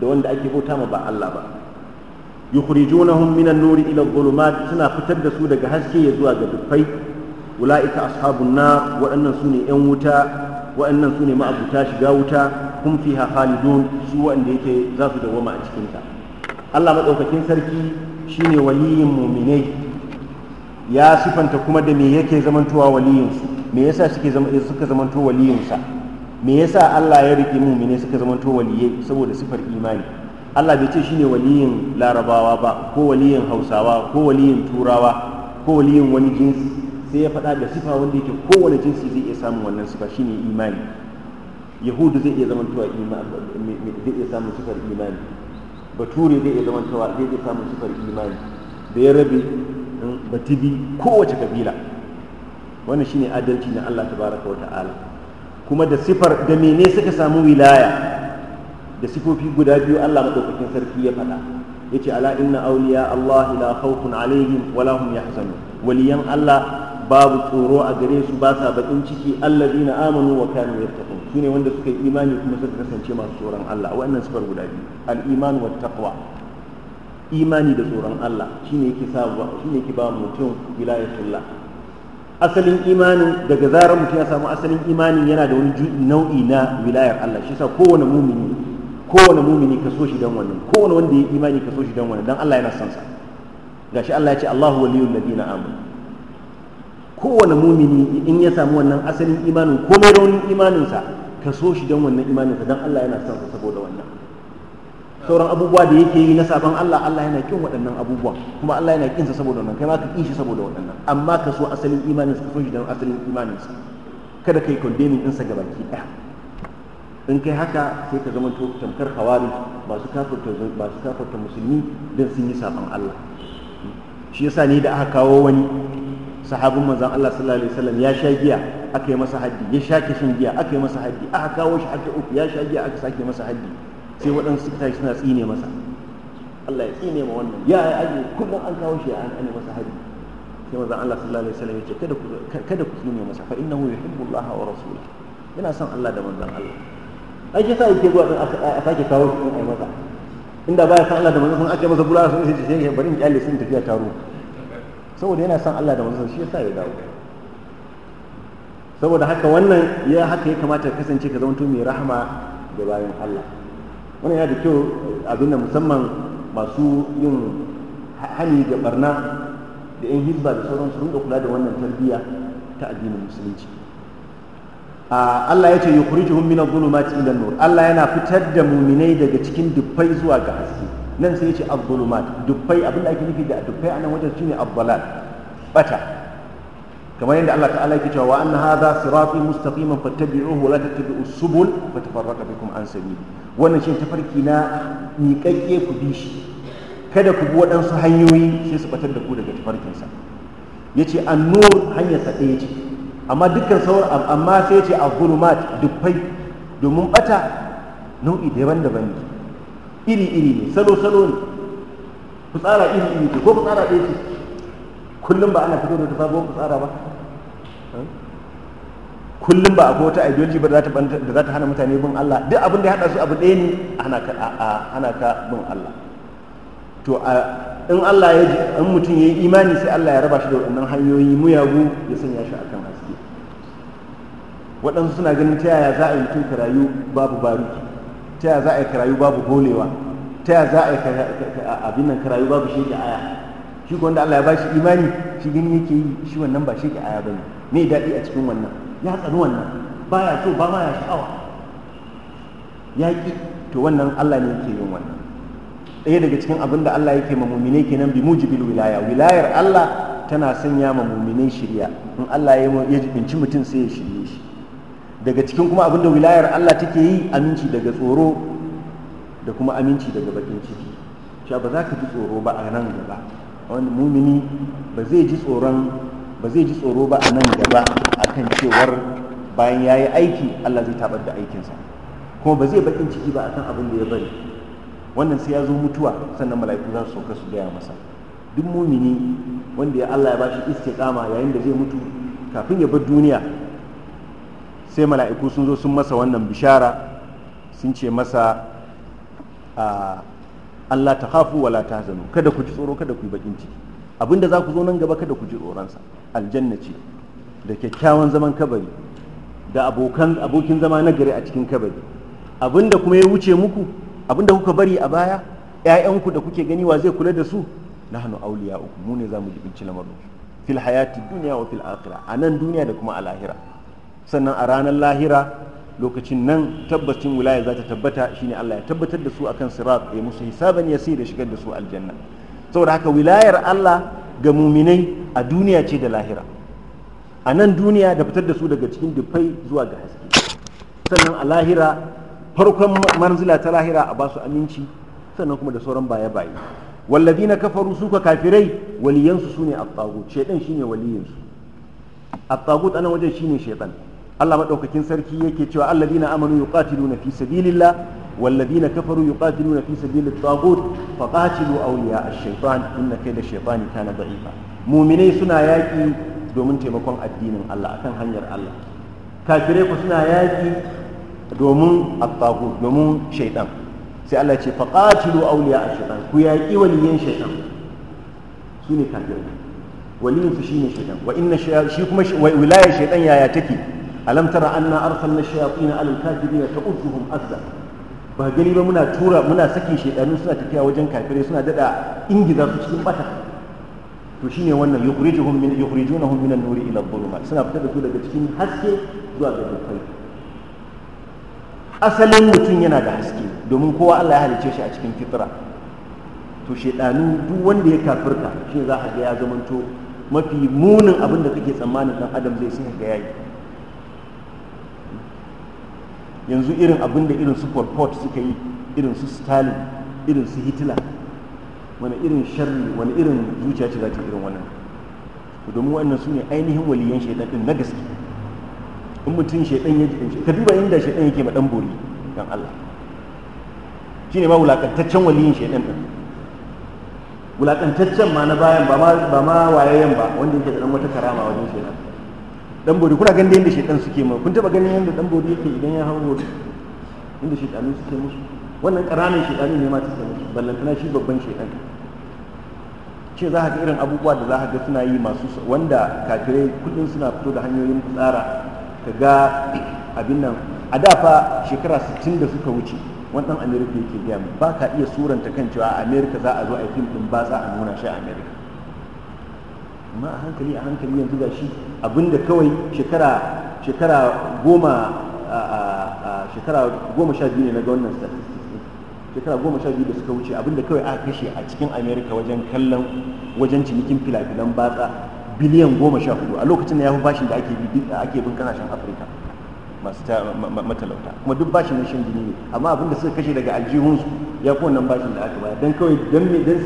da wanda ake bauta ma ba Allah ba yukhrijunahum minan nuri ila dhulumat suna fitar da su daga haske ya zuwa ga dufai ulaika ashabun nar waɗannan sune yan wuta waɗannan sune ma'abuta shiga wuta hum fiha khalidun su wanda yake za su dawama a cikin ta Allah madaukakin sarki shine waliyin mu'minai ya sifanta kuma da me yake zamantowa su me yasa suke suka zamanto sa me yasa Allah ya riƙe mu'minai suka zamanto waliyai saboda sifar imani Allah bai ce shine waliyin larabawa ba ko waliyin hausawa ko waliyin turawa ko waliyin wani jinsi sai ya faɗa da sifa wanda yake kowane jinsi zai iya samun wannan sifa shine imani yahudu zai iya zamantowa zai iya samun sifar imani bature zai iya zamantowa zai iya samun sifar imani da ya rabe hmm, batibi kowace kabila wannan shine adalci na Allah tabaraka wa ta'ala kuma da sifar da mene suka samu wilaya da sifofi guda biyu Allah madaukakin sarki ya faɗa yace ala inna awliya Allah la khawfun alaihim wala hum yahzanun waliyan Allah babu tsoro a gare su ba sa bakin ciki alladina amanu wa kanu yattaqun sune wanda suka yi imani kuma suka kasance masu tsoron Allah wannan sifar guda biyu al-iman wa taqwa imani da tsoron Allah shine yake sa shine yake ba mutum wilayatullah asalin imanin daga zarar mutum ya samu asalin imanin yana da wani nau'i na wilayar Allah shi sa kowane mumini kowane mumini ka so shi dan wannan kowane wanda ya imani ka so shi dan wannan dan Allah yana son sa gashi Allah ya ce Allahu waliyul ladina amanu kowane mumini in ya samu wannan asalin imanin ko mai raunin imaninsa ka so shi don wannan imaninsa don Allah yana son sa saboda wannan sauran abubuwa da yake yi na sabon Allah Allah yana kin waɗannan abubuwa kuma Allah yana kinsa saboda wannan kai ma ka kishi saboda waɗannan amma ka so asalin imaninsa ka so shi don asalin imaninsa kada kai condemning ɗinsa gabaki ɗaya in kai haka sai ka zama tamkar hawari masu kafarta musulmi don sun yi saban Allah shi yasa ne da aka kawo wani sahabin manzon Allah sallallahu alaihi wasallam ya sha giya aka yi masa haddi ya sha kishin giya aka yi masa haddi aka kawo shi hadda uku ya sha giya aka sake masa haddi sai waɗansu suka tashi suna tsine masa Allah ya tsine ma wannan ya ya aje kullum an kawo shi an ane masa haddi sai manzon Allah sallallahu alaihi wasallam ya ce kada ku kada ku tsine masa fa innahu yuhibbu Allah wa rasuluhu yana son Allah da manzon Allah ai shi sa yake zuwa din a sake kawo su din ai masa inda baya san Allah da manzon ake masa bulala sun shi sai bari in kyalle sun tafiya taro saboda yana san Allah da manzon shi yasa ya dawo saboda haka wannan ya haka ya kamata ka kasance ka zama mai rahama da bayan Allah wannan yana da kyau abin da musamman masu yin hani da barna da yan hizba da sauransu rinka kula da wannan tarbiyya ta addinin musulunci Ah, Allah ya ce yukhrijuhum min adh-dhulumati ila nur Allah yana fitar da muminai daga cikin dubbai zuwa ga haske nan sai ya ce adh-dhulumat dubbai abinda ake nufi da dubbai a nan wajen shine adh-dhalal bata kamar yadda Allah ta'ala yake cewa wa anna hadha sirati mustaqiman fattabi'uhu wa la tattabi'us subul fatafarraqa bikum an sabili wannan shine tafarki na miƙaƙƙe ku bi shi kada ku bi waɗansu hanyoyi sai su batar da ku daga tafarkinsa yace an-nur hanyar sa ɗaya ce amma dukkan sauran amma sai ce a gulumat dukkai domin bata nau'i daban-daban ne iri-iri ne salo-salo ne ku tsara iri-iri ce ko tsara ɗaya ce kullum ba ana fito da ta sabon tsara ba hmm? kullum ba akwai wata ideology ba da za ta hana mutane bin Allah duk abin da ya haɗa su abu ɗaya ne hana ka bin Allah to in Allah ya in mutum ya yi imani sai Allah ya raba shi da waɗannan hanyoyi muyagu ya sanya shi akan waɗansu suna ganin ta yaya za a yi mutum karayu babu baruki ta yaya za a yi karayu babu golewa ta yaya za a yi abin nan karayu babu shege aya shi ko wanda Allah ya bashi imani shi gani yake yi shi wannan ba shege aya bane me daɗi a cikin wannan ya tsani wannan baya so ba ma ya sha'awa ya ki to wannan Allah ne yake yin wannan ɗaya daga cikin abin da Allah yake ma mumine kenan bi mujibil wilaya wilayar Allah tana sanya ma mumine shirya in Allah ya jibinci mutum sai ya shirye shi daga cikin kuma abinda wilayar Allah take yi aminci daga tsoro da kuma aminci daga bakin ciki cewa ba za ka ji tsoro ba a nan gaba wani mumini ba zai ji tsoron ba zai ji tsoro ba a nan gaba akan cewar bayan ya yi aiki Allah zai tabar da aikinsa kuma ba zai bakin ciki ba akan abin da ya bari wannan sai ya zo mutuwa sannan mala'iku za su sauka su gaya masa duk mumini wanda ya Allah ya ba bashi istiqama yayin da zai mutu kafin ya bar duniya sai mala'iku sun zo sun masa wannan bishara sun ce masa Allah ta hafu wala ta zanu kada ku ji tsoro kada ku yi bakin ciki abinda za ku zo nan gaba kada ku ji tsoronsa aljanna ce da kyakkyawan zaman kabari da abokan abokin zama na gari a cikin kabari abinda kuma ya wuce muku abinda kuka bari a baya ƴaƴanku da kuke gani wa zai kula da su nahnu awliya'ukum mu ne zamu jibinci lamarin fil hayati dunya wa fil akhirah anan duniya da kuma al'ahira. lahira sannan a ranar lahira lokacin nan tabbacin wilaya za ta tabbata shine Allah ya tabbatar da su akan sirat ya musu hisaban sai da shigar da su aljanna saboda haka wilayar Allah ga muminai a duniya ce da lahira a nan duniya da fitar da su daga cikin dufai zuwa ga haske sannan a lahira farkon manzila ta lahira a basu aminci sannan kuma da sauran baya baye wallazina kafaru ka kafirai waliyansu sune at-taghut shaytan shine waliyansu. at-taghut anan wajen shine shedan. Allah maɗaukakin sarki yake cewa na amanu yuqatiluna fi sabilillah والذين كفروا يقاتلون في سبيل a فقاتلوا اولياء kai da كيد ta na ضعيفا Muminai suna yaƙi domin taimakon addinin Allah akan hanyar Allah kafirai ku suna yaƙi domin at-taghut domin shaytan sai Allah ce fa faqatilu awliya a shaytan ku yaki waliyan shaytan shine kafirai waliyin su shine shaytan wa inna shi kuma wilayar shaytan yaya take alam tara anna arsalna shayatin ala alkafirin ta'udduhum azza ba gani ba muna tura muna saki shedanu suna tafiya wajen kafire suna dada ingiza su cikin bata to shine wannan yukhrijuhum min yukhrijunahum min an-nuri ila adh-dhulumat suna fita da su daga cikin haske zuwa ga dukkan asalin mutum yana da haske domin kowa Allah ya halice shi a cikin fitra to shedanu duk wanda ya kafirta shi za a ga ya zamanto mafi munin abin da kake tsammanin dan adam zai sai ga yayi yanzu irin abin da irin su port suka yi irin su stalin irin su hitler wani irin sharri wani irin zuciya ce za ta irin wannan domin wannan su ne ainihin waliyan shaidan din na gaske in mutum shaidan ya jikin ka duba yadda shaidan yake maɗan bori don Allah ne ma wulakantaccen waliyan shaidan din wulakantaccen ma na bayan ba ma wayayen ba wanda yake da ɗan wata karama wajen shaidan dan bodi kuna ganin yadda shaitan suke ma kun taba ganin yadda dan bodi yake idan ya hau bori inda shaitanu suke musu wannan karamin shaitanu ne ma suke musu ballantana shi babban shaitan ce za ga irin abubuwa da za ga suna yi masu wanda kafirai kullum suna fito da hanyoyin tsara ka ga abin nan a da fa shekara 60 da suka wuce wannan amerika yake gaya mu ba ka iya suranta kan cewa a amerika za a zo a yi fim din ba za a nuna shi a amerika amma a hankali a hankali yanzu ga shi abinda kawai shekara shekara goma shekara goma sha biyu ne na ga wannan shekara goma sha biyu da suka wuce abinda kawai aka kashe a cikin america wajen kallon wajen cinikin filafilan batsa biliyan goma sha hudu a lokacin da ya fi bashin da ake bin kasashen afirka masu matalauta kuma duk bashin na shan jini ne amma abin da suka kashe daga aljihunsu ya fi wannan bashin da aka bayar. don kawai don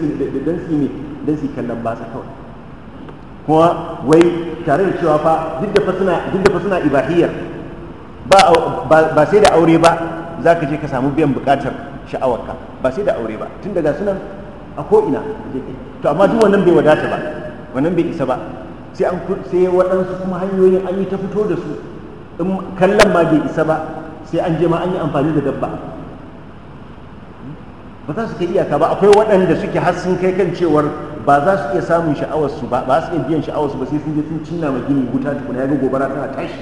su ne don su kallon basa kawai kuma wai tare da cewa fa duk da fa suna duk da ibahiyar ba ba sai da aure ba za ka je ka samu biyan bukatar sha'awarka ba sai da aure ba tun daga sunan a ko'ina to amma duk wannan bai wadata ba wannan bai isa ba sai an sai waɗansu kuma hanyoyin an yi ta fito da su in kallon ma bai isa ba sai an je ma an yi amfani da dabba ba za su kai iyaka ba akwai waɗanda suke har sun kai kan cewar ba za su iya samun sha'awar su ba ba su iya biyan sha'awar su ba sai sun je sun cinna ma gini wuta tukuna ya ga gobara tana tashi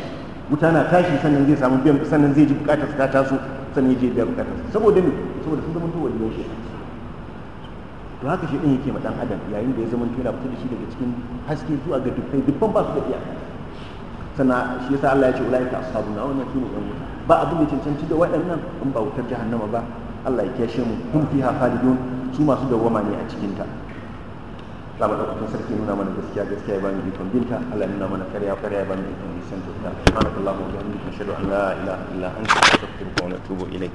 wuta na tashi sannan zai samu biyan sannan zai ji bukatar ta taso sannan ya je biya bukatar saboda me saboda sun zama tuwa liyan shekaru to haka shaitan yake ma dan adam yayin da ya zama yana fito da shi daga cikin haske zuwa ga dukkan dubban ba su da iya sana shi yasa Allah ya ce asabu na wannan sune yan wuta ba abin da cancanci da waɗannan in ba wutar jahannama ba Allah ya kiyashe mu kun fiha khalidun su masu dawwama ne a cikin ta Allah madaukakin sarki nuna mana gaskiya gaskiya ya bani ikon binta Allah nuna mana karya karya ya bani ikon nisan ta subhanakallahu wa bihamdika ashhadu an la ilaha illa anta astaghfiruka wa atubu ilayk